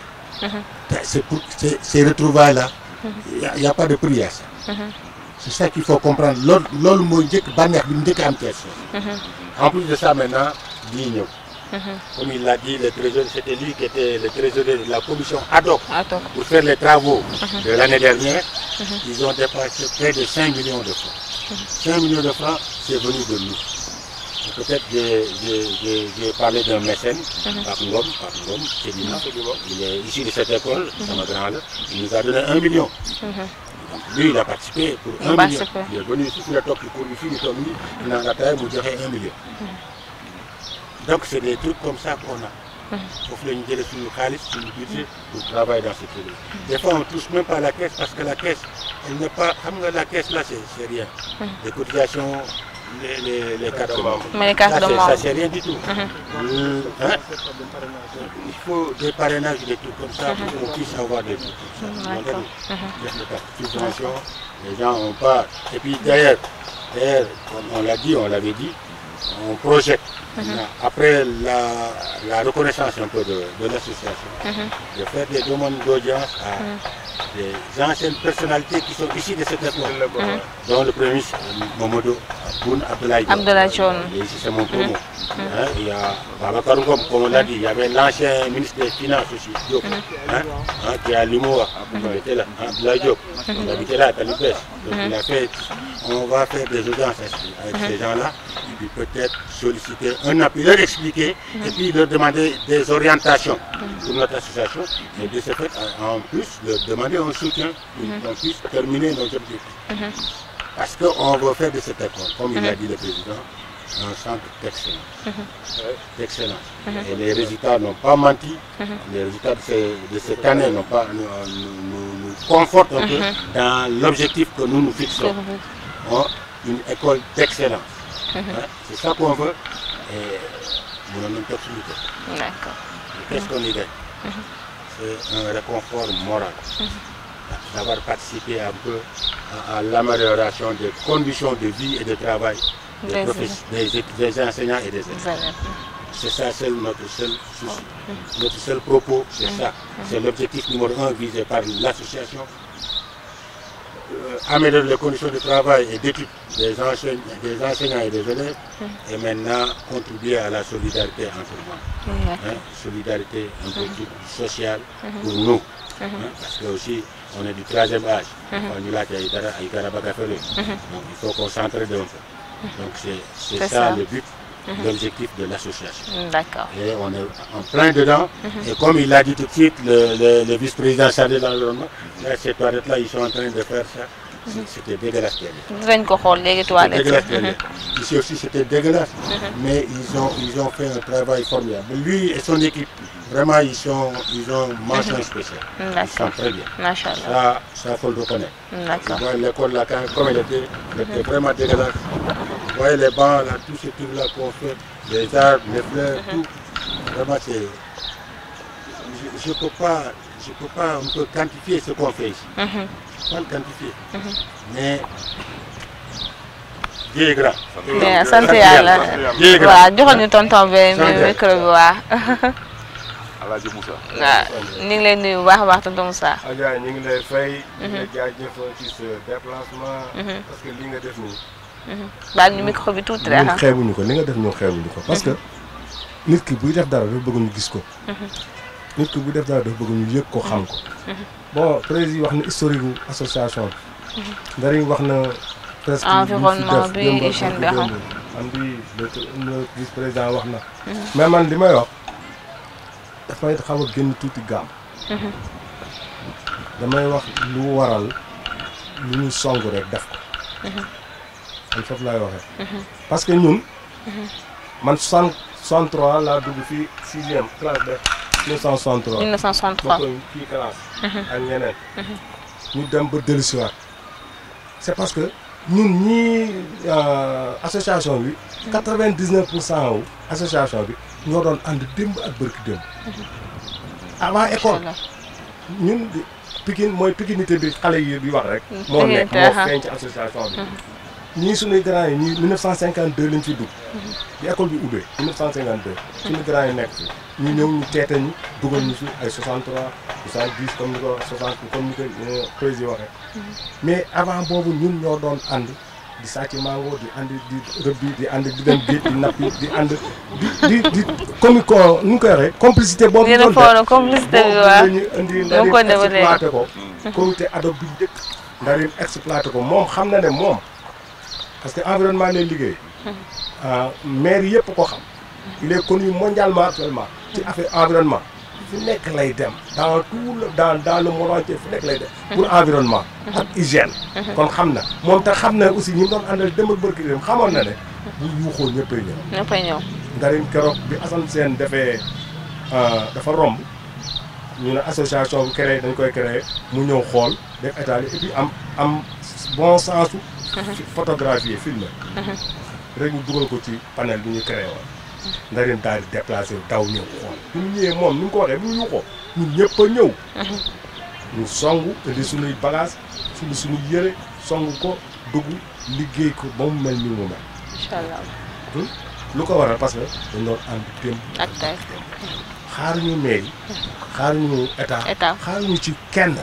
te c'est pour ces ces retrouvailles là y a pas de prix à c'est ça qu'il faut comprendre loolu mooy njëkk bànneex bi njëkk am Thiès en plus de ça maintenant lii ñëw comme il l'a dit le trésorier c'était lui était le trésorier de la commission ad hoc pour faire les travaux de l'année dernière mhm. ils ont dépensé près de cinq millions de francs cinq millions de francs c'est venu de peut-être j'ai parlé d'un mécène, uh-huh. Pape Ngom, c'est uh-huh. Il est issu de cette école, ça uh-huh. m'a Il nous a donné un million. Lui, il a participé pour un million. Il est venu le top cours ici, il est venu, il en a taille, il dirait un million. Donc, c'est des trucs comme ça qu'on a. Il faut que nous disions sur le calice, sur le budget, pour travailler dans ce pays. Des fois, on ne pas la caisse parce que la caisse, elle n'est pas. La caisse là, c'est rien. Les les, les, les cartes membres. Mais les cartes membres. Ah, ça, c'est rien du tout. Mm -hmm. hein? Il faut des parrainages de tout comme ça mm -hmm. pour qu'on puisse avoir des tout comme ça. Mhm. Les gens ont pas. Et puis derrière, derrière on, on l'a dit, on l'avait dit, on projette. Mhm. Après la, la, reconnaissance un peu de, de l'association, mhm. de faire des demandes d'audience à mhm. des anciennes personnalités qui sont ici de cette époque, dont le premier Momodo Boun Abdoulaye. Abdoulaye c'est mon promo. Hein, il y a Babacar Ngom, comme on l'a dit, l'ancien ministre des Finances aussi, Diop, hein, qui est à a fait, on va avec ces gens-là, et puis peut-être solliciter un appui, leur expliquer et leur demander des orientations pour notre association et de ce fait, en plus, leur demander un soutien pour mhm. qu'on terminer nos objectifs. Mhm. Parce qu'on veut faire de cette école, comme il a mhm. dit le président, un centre d'excellence. Et les résultats n'ont pas menti. Les résultats de, cette année n'ont pas, nous, euh, nous, dans l'objectif que nous nous fixons. Oh, une école d'excellence. C'est ça qu'on veut. Euh, mënoon nañu toog suñu kër. d'accord moral. Mhm. d'avoir participé un peu à, l'amélioration des conditions de vie et de travail des, enseignants et des élèves. C'est ça oh. notre seul propos, c'est mhm. ça. Mhm. C'est l'objectif numéro un visé par l'association Euh, améliorer les conditions de travail et d'études des, enseignants, et des élèves mmh. et maintenant contribuer à la solidarité entre nous. Mmh. solidarité un peu sociale pour nous. parce que on est du troisième âge. il faut qu'on s'entraide un Donc c'est ça le but. Mhm. l'objectif de l'association. Mm, et on est en plein dedans. Mhm. Et comme il l'a dit tout de suite, le, vice-président chargé de l'environnement, mhm. ces toilettes-là, ils sont en train de faire C'était dégueulasse. Dinañ ko xool léegi toilettes. Ici aussi, c'était dégueulasse. Mais ils ont fait un travail formidable. Lui et son équipe. vraiment, ils sont, ils ont mention mhm. spéciale. Ils sont très bien. Ça, ça, faut le reconnaître. l'école, là, quand, comme elle était, elle était mhm. vraiment dégueulasse. Vous voyez les bancs, là, tous ces trucs-là qu'on fait, les mhm. tout. Vraiment, c'est. Je ne pas, je peux pas on peut quantifier ce qu'on fait ici. Je Mais Dieu est grand. sant yàlla sant yàlla waaw joxoon Alaaji Moussa. waaw ñu ngi lay nuyu a baax tonton Moussa. Adja ñu ngi lay fay. ñu mhm. ngi lay jaajëfal ci sa déplacement. Mhm. parce mhm. ñu ah. ko li nga def ñoom xeebuñu ko parce que nit ki buy def dara dafa bëgg ñu gis ko. nit ki buy def dara dafa bëgg ñu yëg ko xam ko. bon président wax na historique association bi. wax na. presque environnement bi hygiène bi ah. wax na. mais man li may dafa may xaw a génn tuuti gaam damay wax lu waral lu ñu song rek def ko man foofu laay waxee parce que ñun man soixante soixante trois laa dugg fii sixième classe de mille neuf cent soixante trois mille neuf fii classe mhm. ak ñeneen mhm. ñu dem ba dellusiwaat c'est parce que ñun ñii euh, association bi mhm. quatre vingt dix neuf pour cent wu association bi ñoo doon ànd démb ak bërki démb avant école ñun pikin mooy pikinité bi xale yi bi wax rek mm-hmm. moo nekk moo feeñ ci association bi mm-hmm. ñii suñuy grand yi ñii 1952 lañ ci dugg mm-hmm. bi école bi ubbee 1952 suñu yi nekk ñu ñëw ñu teete ñu dugal ñu fi ay 63 70 comme ni ko 60 comme ni ko euh, président waxee mais avant boobu ñun ñoo doon ànd di sàcc mango di ànd di rëbbi di ànd di di nappi di ànd di di di comme complicité boobu. ñu doon def complicité bi waaw ñu indi ndarim exploité ko. comité ad hoc bi njëkk ndarim exploité ko moom xam na ne moom parce que environnement lay liggéey. Ah, maire yëpp ko xam. il est connu mondialement actuellement. ci affaire environnement. fu nekk lay dem dans tout le dans dans le fu nekk lay dem pour environnement ak hygiène kon xam na moom tax xam na aussi ñi mu doon àndal dem ak bërki dem xamoon na ne bu yuuxoo ñëppay ñëw ñëppay ñëw ndarim keroog bi Assane seen defee euh, dafa romb ñu ne association bu yi dañ koy créé mu ñëw xool def état yi am am bon sens su photographier rek ñu dugal ko ci panel bi ñu créé woon nda leen daal di déplacé daw ñëw xool bi mu moom ni mu ko waxee bi mu yuuxoo ñun ñëpp a ñëw ñu song indi suñuy bagage suñu suñu yëre song ko dugg liggéey ko ba mu mel ni mu mel hmm? lu ko waral parce que dañ doon ànd démb ak tey ñu mairie xaaruñu état xaaruñu ci kenn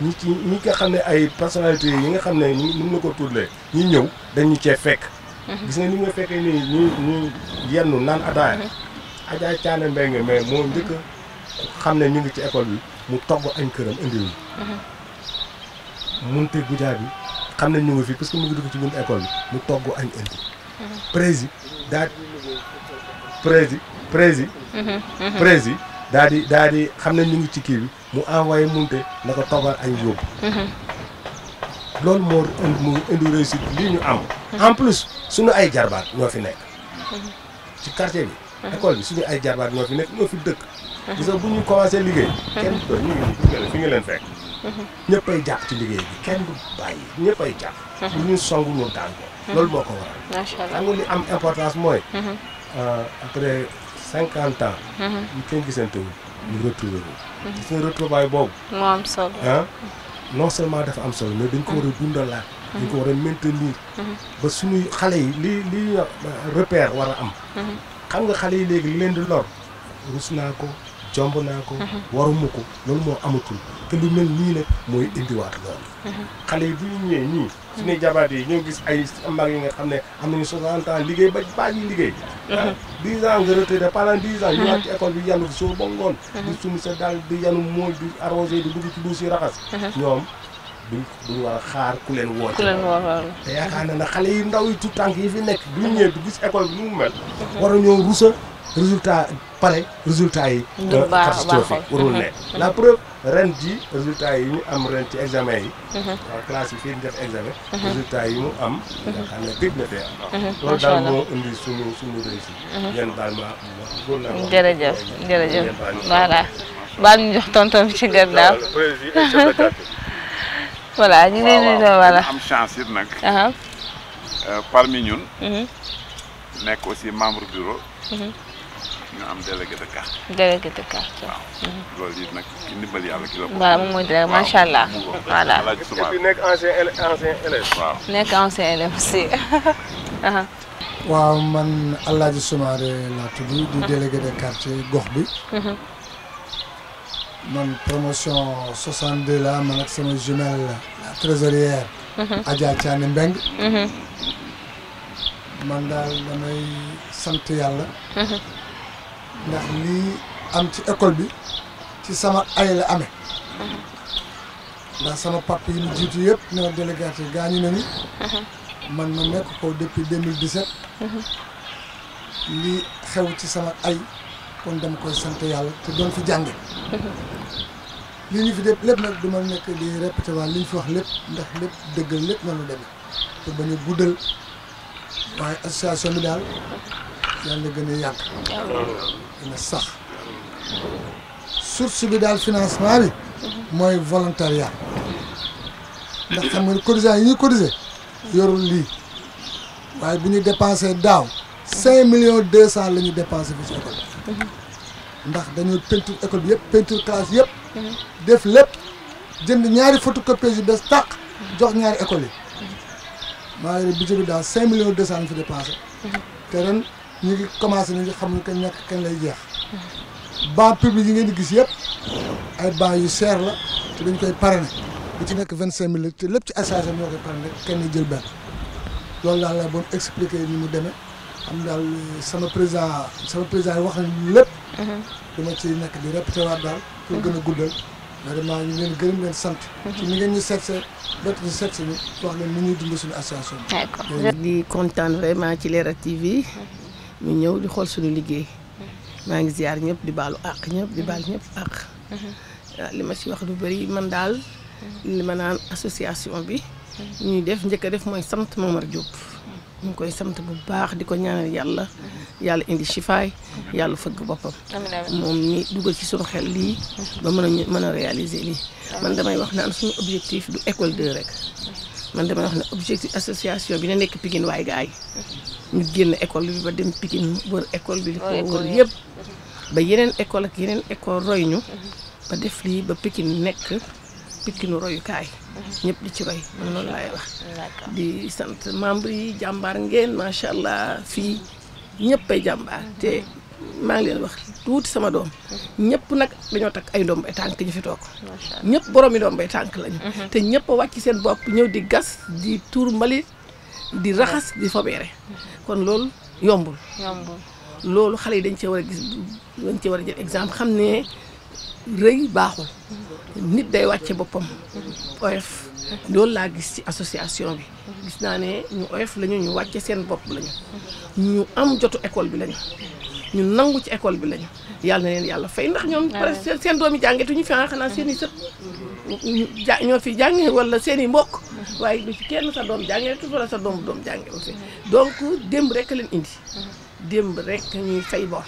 ñi ci ñi nga xam ne ay personnalité yi nga xam ne ñu mun na ko turlee ñi ñëw dañu cee fekk gis nga ni nga fekkee nii ñuy ñuy yennu naan ataaya. Mhm. Adja Thiané Mbengue mais moo njëkk xam ne ñu ngi ci école bi mu togg añ këram indi ñu. munte mhm. guddaa bi xam ne ñu ngi fi parce que mu ngi dugg ci buntu école bi mu togg añ indi. Mhm. prési daa prési prési. prési daa di daa xam ne ñu ngi ci kii bi mu envoyé munte na ko toggal añ yóbbu. loolu moo moo indi lii ñu am. en plus suñu ay jarbaat ñoo fi nekk. ci quartier bi. école bi suñu ay jarbaat ñoo fi nekk fi dëkk. gis nga bu ñu commencé liggéey. kenn du ñu ngi fi nga leen fekk. ñëppay jàpp ci liggéey bi kenn du bàyyi ñëppay jàpp. bu ñu songu ñu daan ko. loolu moo ko waral. macha allah xam nga li am importance mooy. Euh, après cinquante ans. ñu kenn ñu retrouvé wu. gis nga retrouvaille boobu. moo am solo ah. non seulement dafa am solo mais dañ ko war a dundalaat. dañ ko war a maintenir. ba suñuy xale yi li li euh, repère war a am. Mhm. xam nga xale yi léegi leen di lor rus naa ko. jomb naa ko waruma ko loolu moo amatul te lu mel nii nag mooy indiwaat loolu xale yi bu ñu ñëwee ñii suñuy jabaat yi ñoo gis ay mag yi nga xam ne am nañu soixante ans liggéey ba baa yi liggéey uh-huh. dix ans nga retraité pendant dix ans ñu uh-huh. wàcc ci école bi yanu soo ba ngoon uh-huh. di sumi sa daal di yanu mooy di arrosé di dugg ci duus yi raxas ñoom duñ duñ war a xaar ku leen woo. ku leen woo na xale yu ndaw yi tout tànk yi fi nekk. bu ñu ñëwee du gis école mu mel. war a ñëw rusa résultat pare résultat yi. du baax catastrophique le la preuve ren ji résultat yi ñu am ren ci examen yi. Mhm. waaw classe yi examen. Mhm. yi mu am. nga xam ne dégg na fee am. Mhm. loolu daal moo indi suñu suñu réussite. ngeen baal ma wax. jërëjëf jërëjëf voilà baal ñu jox tonton bi daal. voilà ñu ngi leen di voilà am chance it nag. Euh, parmi ñun. Mhm. nekk aussi membre bureau. Mhm. ñu am délégué de quartier. délégué de quartier. waaw mhm. loolu allah. voilà et laa tudd. di délégué de quartier gox bi. man promotion de la man ak sama jumelle la trésorière. Mhm. Adja Thiané Mbengue. Mhm. man daal damay sant yàlla. Mhm. ndax lii am ci école bi ci sama ay la amee. ndax sama pap yi ñu jiitu yëpp ne ma délégaté gaañu nañu. man ma nekk ko depuis 2017. lii xew ci sama ay. kon dama koy sant yàlla te doon fi jànge li ñu fi def lépp nag du nekk di répété waa li ñu fi wax lépp ndax lépp dëggal lépp na lu demee te bañ a guddal waaye association bi daal yàlla gën a yàgg gën sax source bi daal financement bi mooy volontariat ndax xam nga cotisant yi ñuy cotiser yoru lii waaye bu ñu dépensé daaw cinq millions deux cent la ñu dépensé bi ci école ndax dañu peinture école bi yëpp peinture classe yëpp. Mm-hmm. def lépp jënd ñaari photocopies yu bees tàq. jox ñaari école yi. Mm-hmm. maa ngi budget bi daal cinq millions deux cent fi dépassé. Mm-hmm. te ren ñu ngi commencé ñu ngi xam ne kañ nekk kañ lay jeex. banc public yi ngeen di gis yëpp ay banc yu seer la te dañ koy parrainer bu ci nekk vingt cinq mille te lépp ci association ñoo koy parrainer kenn jël benn loolu daal laa bon expliquer ni mu demee. am daal sama président sama président wax nañu lépp. dama mhm. ci nekk di répété waat daal. pour gën a guddal. vraiment sant. Mhm. ci ni ngeen ñu seet see dootu ñu seet see wax leen ni ñuy dund suñu association bi. di kontaan vraiment ci Leral TV ñu ñëw di xool suñu liggéey. Mhm. maa ngi giar ñëpp di baalu àq ñëpp di baal ñëpp àq. Ah, li ma ci wax lu bari man daal. li ma naan association bi. ñuy def njëkk def mooy sant Momar Diop. ñu ngi koy sant bu baax di ko ñaanal yàlla yàlla indi shifaay yàlla fëgg boppam moom ñi dugal ci suñu xel lii ba mën a ñu mën a réaliser lii man damay wax naan suñu objectif du école 2 rek man damay wax ne objectif association bi na nekk Pikine waay yi ñu génn école bi ba dem Pikine wër école bi li ko wër yëpp ba yeneen école ak yeneen école roy ñu ba def lii ba Pikine nekk Pikine royukaay mhm. ñëpp di ci roy man loolu laay wax di sant membre yi jàmbaar ngeen macha allah fii ñëpp ay jàmbaar mhm. te maa ngi leen wax tuuti sama doom mhm. ñëpp nag dañoo takk ay doom tànk ñu fi toog ñëpp borom doom ndombay tànk lañu te ñëpp a wàcc seen bopp ñëw di gas di tuur mbalit di raxas di fobeere kon loolu yombul yombul loolu xale yi dañ cee war a gis dañ cee war exemple xam ne rëy baaxul nit day wàcce boppam oyof loolu laa gis ci association bi gis naa ne ñu oyof lañu ñu wàcce seen bopp lañu ñu am jotu école bi lañu ñu nangu ci école bi lañu yàlla na yàlla fay ndax ñoom presque seen doomi jàngeetuñu fi ah, seen i sët ñoo fi jànge wala seen i mbokk waaye du ci kenn sa doom jàngeetu wala sa doom doom jàngeetu fi donc démb rekk leen indi démb rek ñuy fay bor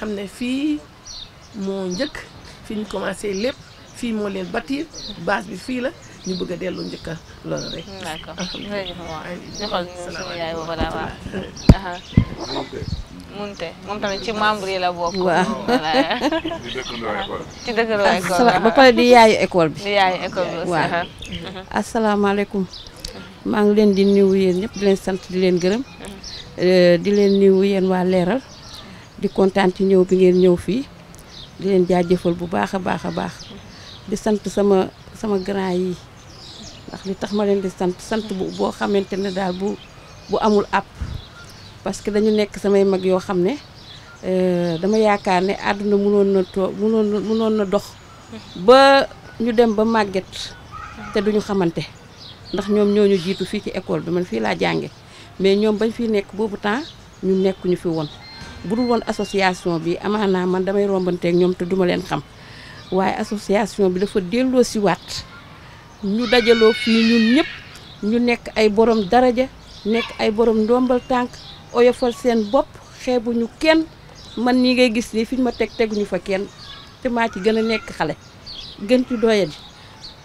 xam ne fii moo njëkk fi ñu commencé lépp fii moo leen bâtir base bi fii la ñu bugg a dellu njëkk a loolu rek. d'accord ah, munte moom tamit ci yi la bokk. waaw ci ba pare di yaayu école bi. di yaayu école bi maa ngi leen di nuyu yéen ñëpp di leen sant di leen gërëm. Euh, di leen nuyu yéen waa leeral. di kontaan ci ñëw bi ngeen ñëw fii. di leen jaajëfal bu baax a baax a baax. di sant sama sama grand yi ndax li tax ma leen di sant sant bu boo xamante ne daal bu bu amul àpp parce que dañu nekk samay mag yoo xam ne euh, dama yaakaar ne àdduna mënoon na too mënoon na dox ba ñu dem ba màgget te duñu xamante ndax ñoom ñoo ñu jiitu fii ci école bi man fii laa jànge mais ñoom bañ fi nekk boobu temps ñu nekk ñu fi woon bu dul woon association bi amaanaa man damay rombanteek ñoom te duma leen xam waaye association bi dafa delloo si waat ñu dajaloo fii ñun ñëpp ñu nekk ay borom daraja nekk ay borom ndombal tànk oyofal seen bopp xeebuñu kenn man ni ngay gis nii fi ñu ma teg teguñu fa kenn te maa ci gën a nekk xale gën ci doyadi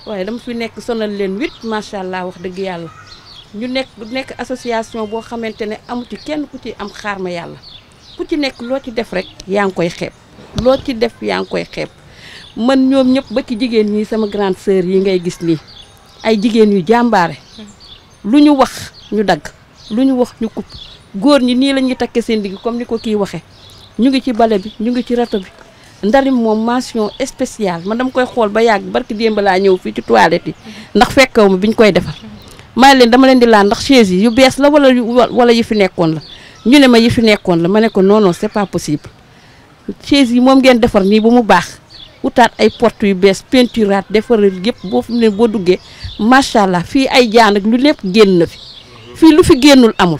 waaye dama fi nekk sonal leen wit macha allah wax dëgg yàlla ñu nekk nekk association boo xamante ne amu ci kenn ku ci am xaar ma yàlla ku ci nekk loo ci def rek yaa ngi koy xeeb loo ci def yaa ngi koy xeeb man ñoom ñëpp ba ci jigéen ñi sama grande sœur yi ngay gis nii ay jigéen yu jàmbaare lu ñu wax ñu dagg lu ñu wax ñu kupp góor ñi nii la ñuy takkee seen digg comme ni ko kii waxee ñu ngi ci bale bi ñu ngi ci rato bi ndarim moom mention spéciale man dama koy xool ba yàgg barki démb laa ñëw fii ci toilette yi ndax fekkaw ma ñu koy defar maa leen dama leen di laal ndax chaise yu bees la wala wala yi fi nekkoon la ñu ne ma yi fi nekkoon la ma nekkoon noonu non non c'est pas possible chaise yi moom ngeen defar nii bu mu baax utaat ay porte yu bees peinturaat defaral yëpp boo fi ne boo duggee macha allah fii ay jaan ak lu lépp génn na fi fii lu fi génnul amul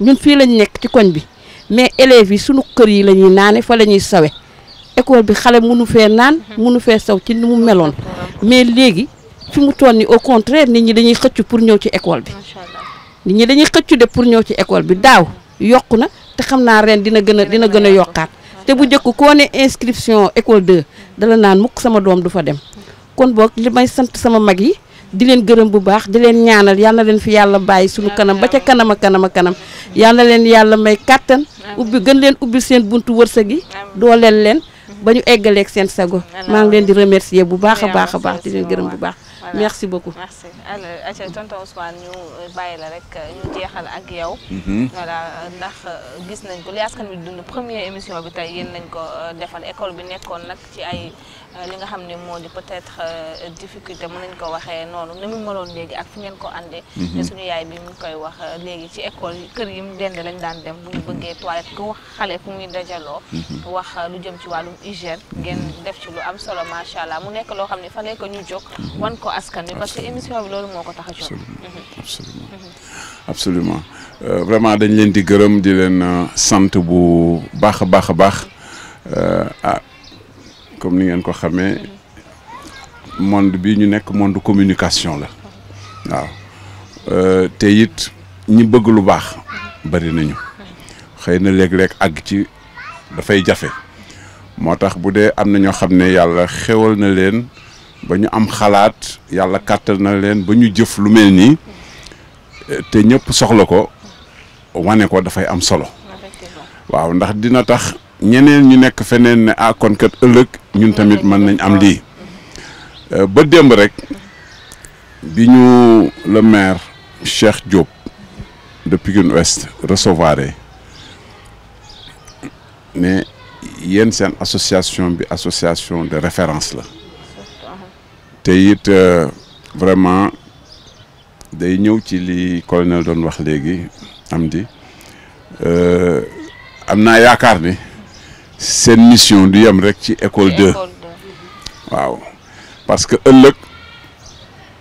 ñun fii lañ nekk ci koñ bi mais élèves yi sunu kër yi la ñuy naane fa la ñuy sawe école bi xale munu fee naan mhm. munu fee saw ci lu mu meloon mais léegi fi mu toll ni au contraire nit ñi dañuy xëcc pour ñëw ci école bi nit ñi dañuy xëccu de pour ñëw ci école bi daaw yokk na te xam naa ren dina gën a dina gën a yokkaat te bu njëkk koo inscription école 2 dala naan mukk sama doom du fa dem kon boog li may sant sama mag yi di leen gërëm bu baax di leen ñaanal yàlla leen fi yàlla bàyyi suñu kanam ba ca kanam a kanam a kanam yal leen yàlla may kàttan ubbi gën leen ubbi seen buntu wërsëg yi dooleel leen ba ñu eggaleeg seen sago maa ngi leen di remercier bu baax a baax a baax di leen gërëm bu baax voilà merci beaucoup merci alors Aïcha tonton Ousmane ñu euh, bàyyi la rek euh, ñu jeexal ak yow. Mhm. voilà euh, ndax gis nañ ko li askan bi dund première émission bi tey yéen nañ ko defal école bi nekkoon nag ci ay. Euh, li nga xam ne moo di peut-être euh, difficulté mën nañ ko waxee noonu ni mu meloon léegi ak fi ngeen ko àndee. ne mhm. suñu yaay bi mu ngi koy wax euh, léegi ci école kër yi mu dend lañ daan dem bu mu mhm. bëggee toilette ku wax xale fu muy dajaloo. Mhm. wax lu jëm ci wàllum hygiène. ngeen def ci lu am solo macha allah mu nekk loo xam ne fallait que ñu jóg. wan ko askan wi parce que émission bi loolu moo ko tax a jóg. absolument absolument vraiment dañ leen di gërëm di leen sant bu baax a baax a baax. Ah, comme ni ngeen ko xamee monde bi ñu nekk monde communication la waaw euh, te it ñi bëgg lu baax bari nañu xëy na léeg-léeg àgg ci dafay jafe moo tax bu dee am na ñoo xam ne yàlla xéwal na leen ba ñu am xalaat yàlla kàttal na leen ba ñu jëf lu mel nii te ñëpp soxla ko wane ko dafay am solo waaw ndax dina tax ñeneen ñu nekk feneen ne ah kon kat ëllëg ñun tamit mën nañ am lii euh, ba démb rek bi ñu le maire Cheikh Diop de Pikine Ouest recevoir ne yéen seen association bi association de référence la te it euh, vraiment day ñëw ci li colonel doon wax léegi am di euh, am naa yaakaar ni seen mission du yem rek ci école 2 waaw parce que ëllëg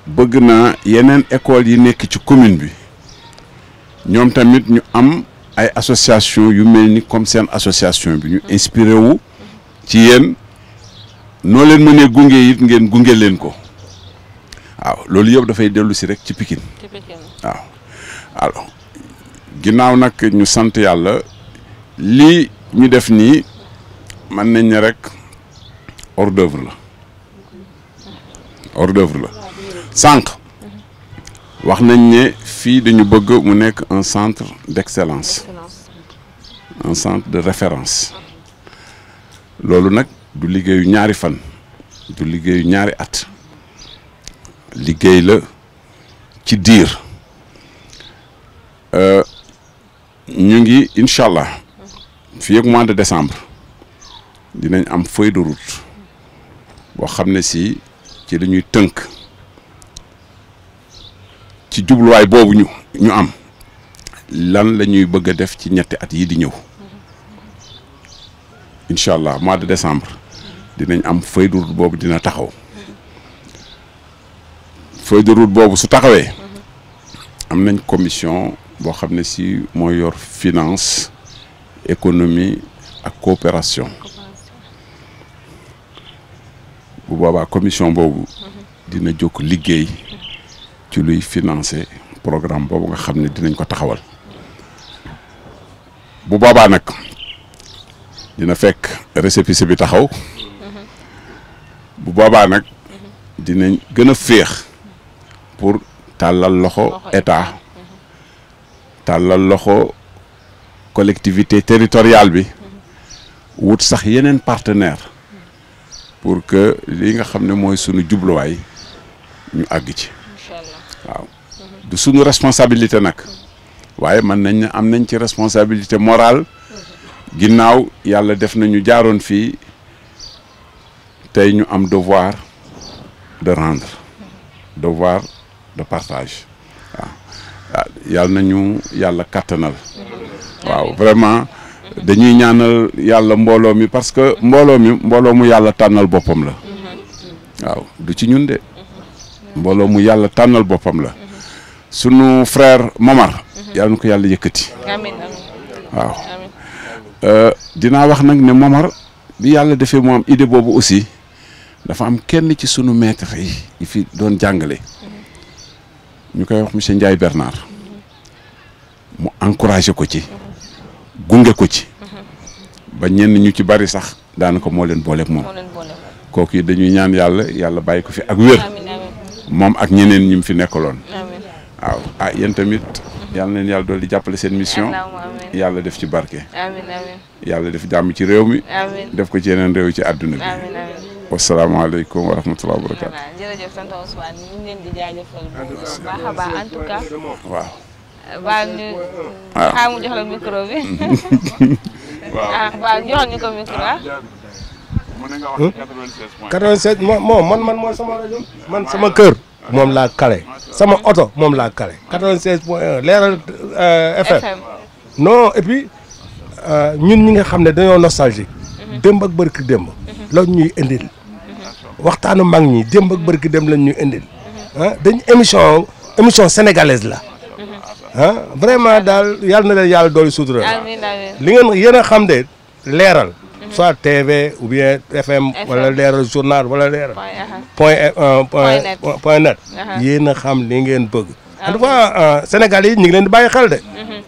bëgg naa yeneen école yi nekk ci commune bi ñoom tamit ñu am ay association yu mel ni comme seen association bi ñu mhm. inspiré wu ci yéen noo leen mënee gunge it ngeen gunge leen ko waaw loolu yëpp dafay dellu si rek ci Pikine waaw ginnaaw nag ñu sant yàlla lii ñu def nii man nañ ne rek hors d'œuvre la hors la sànq wax nañ ne fii dañu bëgg mu nekk un centre d'excellence un centre de référence loolu nag du liggéeyu ñaari fan du liggéeyu ñaari at liggéey la ci diir euh, ñu ngi incha allah fii ak mois de décembre dinañ am feuille de route boo xam ne si ci la ñuy tënk ci jubluwaay boobu ñu am lan la ñuy bëgg a def ci ñetti at yi di ñëw incha allah mois de décembre dinañ am feuille de route boobu dina taxaw feuille de route boobu su taxawee am nañ commission boo xam ne si mooy yor finance économie ak coopération bu boobaa commission boobu dina jóg liggéey ci luy financer programme boobu nga xam ne dinañ ko taxawal bu boobaa nag dina fekk récépissé bi taxaw bu boobaa nag dinañ gën a féex pour tàllal loxo état tàllal loxo collectivité territorial bi mhm. wut sax yeneen partenaire pour que li nga xam ne mooy sunu jubluwaay ñu àgg ci waaw mhm. du sunu responsabilité nag mhm. waaye mën nañ ne am nañ ci responsabilité morale mhm. ginnaaw yàlla def nañu jaaroon fii tey ñu am devoir de rendre devoir de partage yàlla nañu yàlla kàttanal waaw vraiment dañuy ñaanal yàlla mbooloo mi parce que mbooloo mi mbooloo mu yàlla tànnal boppam la waaw du ci ñun de mbooloo mu yàlla tànnal boppam la sunu frère Mamar yàlla na ko yàlla yëkkati waaw euh, dinaa wax nag ne Mamar bi yàlla defee mu am idée boobu aussi dafa am kenn ci sunu maître yi fi doon jàngale ñu koy wax monsieur Ndiaye Bernard mu encouragé ko ci gunge ko ci ba ñenn ñu ci bari sax daanaka moo leen booleeg moom kooku yi dañuy ñaan yàlla yàlla bàyyi ko fi ak wér moom ak ñeneen ñi fi nekkaloon waaw ah yéen tamit yàlla neen yàlla dool di jàppale seen mission yàlla def ci barke yàlla def jàmm ci réew mi def ko ci yeneen réew ci àdduna bi wasalaamaaleykum wa rahmatulah wa Euh. Ah, waaw ah, ñu xaaral bi. moom man man mooy sama man sama kër. moom laa kale sama oto moom laa kale 96 point leeral euh, FM. non et euh, ñun ñi nga xam ne dañoo nostalgique. Mhm. démb ak bërki mhm. mhm. démb. lañ ñuy indil. waxtaanu mag ñi démb bërki démb lañ indil. ah émission émission sénégalaise la. ah vraiment daal yàlla na leen yàlla dooli sutura. amiin amiin li yéen a xam de leeral. Mhm. soit TV ou bien FM. wala leeral journal wala leeral. point euh, euh, point point net. yéen a xam li ngeen bëgg. en tout cas euh, Sénégal yi ñu ngi leen di bàyyi xel de. Mhm.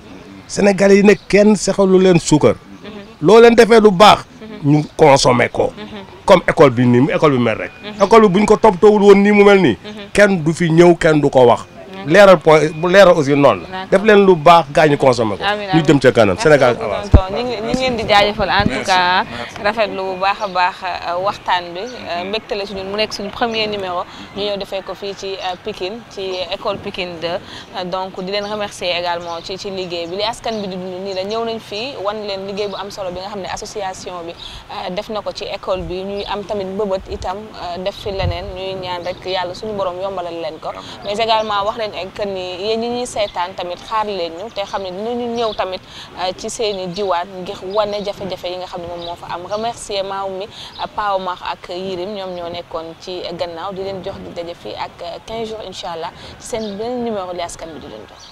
Sénégal yi nag kenn sexalu leen suukar. Mhm. loo leen defee lu baax. ñu consommé ko. comme école bi nii école bi mel rek. bi bu ñu ko toppatoowul woon nii mu mel nii. kenn du fi ñëw kenn du ko wax. leeral point bu aussi noonu la. def leen lu baax gaa ñu consommé ko. ñu jëm ca kanam Sénégal avance. ñu ngi leen di jaajëfal en tout cas rafetlu bu baax a baax euh, waxtaan bi euh, mbégte la si ñun mu nekk suñu premier numéro ñu defee ko fii ci euh, Pikine ci école Pikine donc di leen remercier également ci ci liggéey bi li askan bi di dund nii la ñëw nañ fii wan leen liggéey bu am solo bi nga xam ne association bi def na ko ci école bi ñuy am tamit mbëbët itam def fi leneen ñuy ñaan rek yàlla suñu borom yombalal leen ko mais également wax leen nekk nii yéen ñi ñuy seetaan tamit xaar leen ñu te xam ne dinañu ñëw tamit euh, ci seen i diwaan ngir wane jafe-jafe yi nga xam ne moom moo fa am remercier maaw mi euh, Pao Mar ak Yirim ñoom ñoo nekkoon ci gannaaw di leen jox di daje fii ak 15 jours incha allah ci seen benn numéro li askan di leen jox.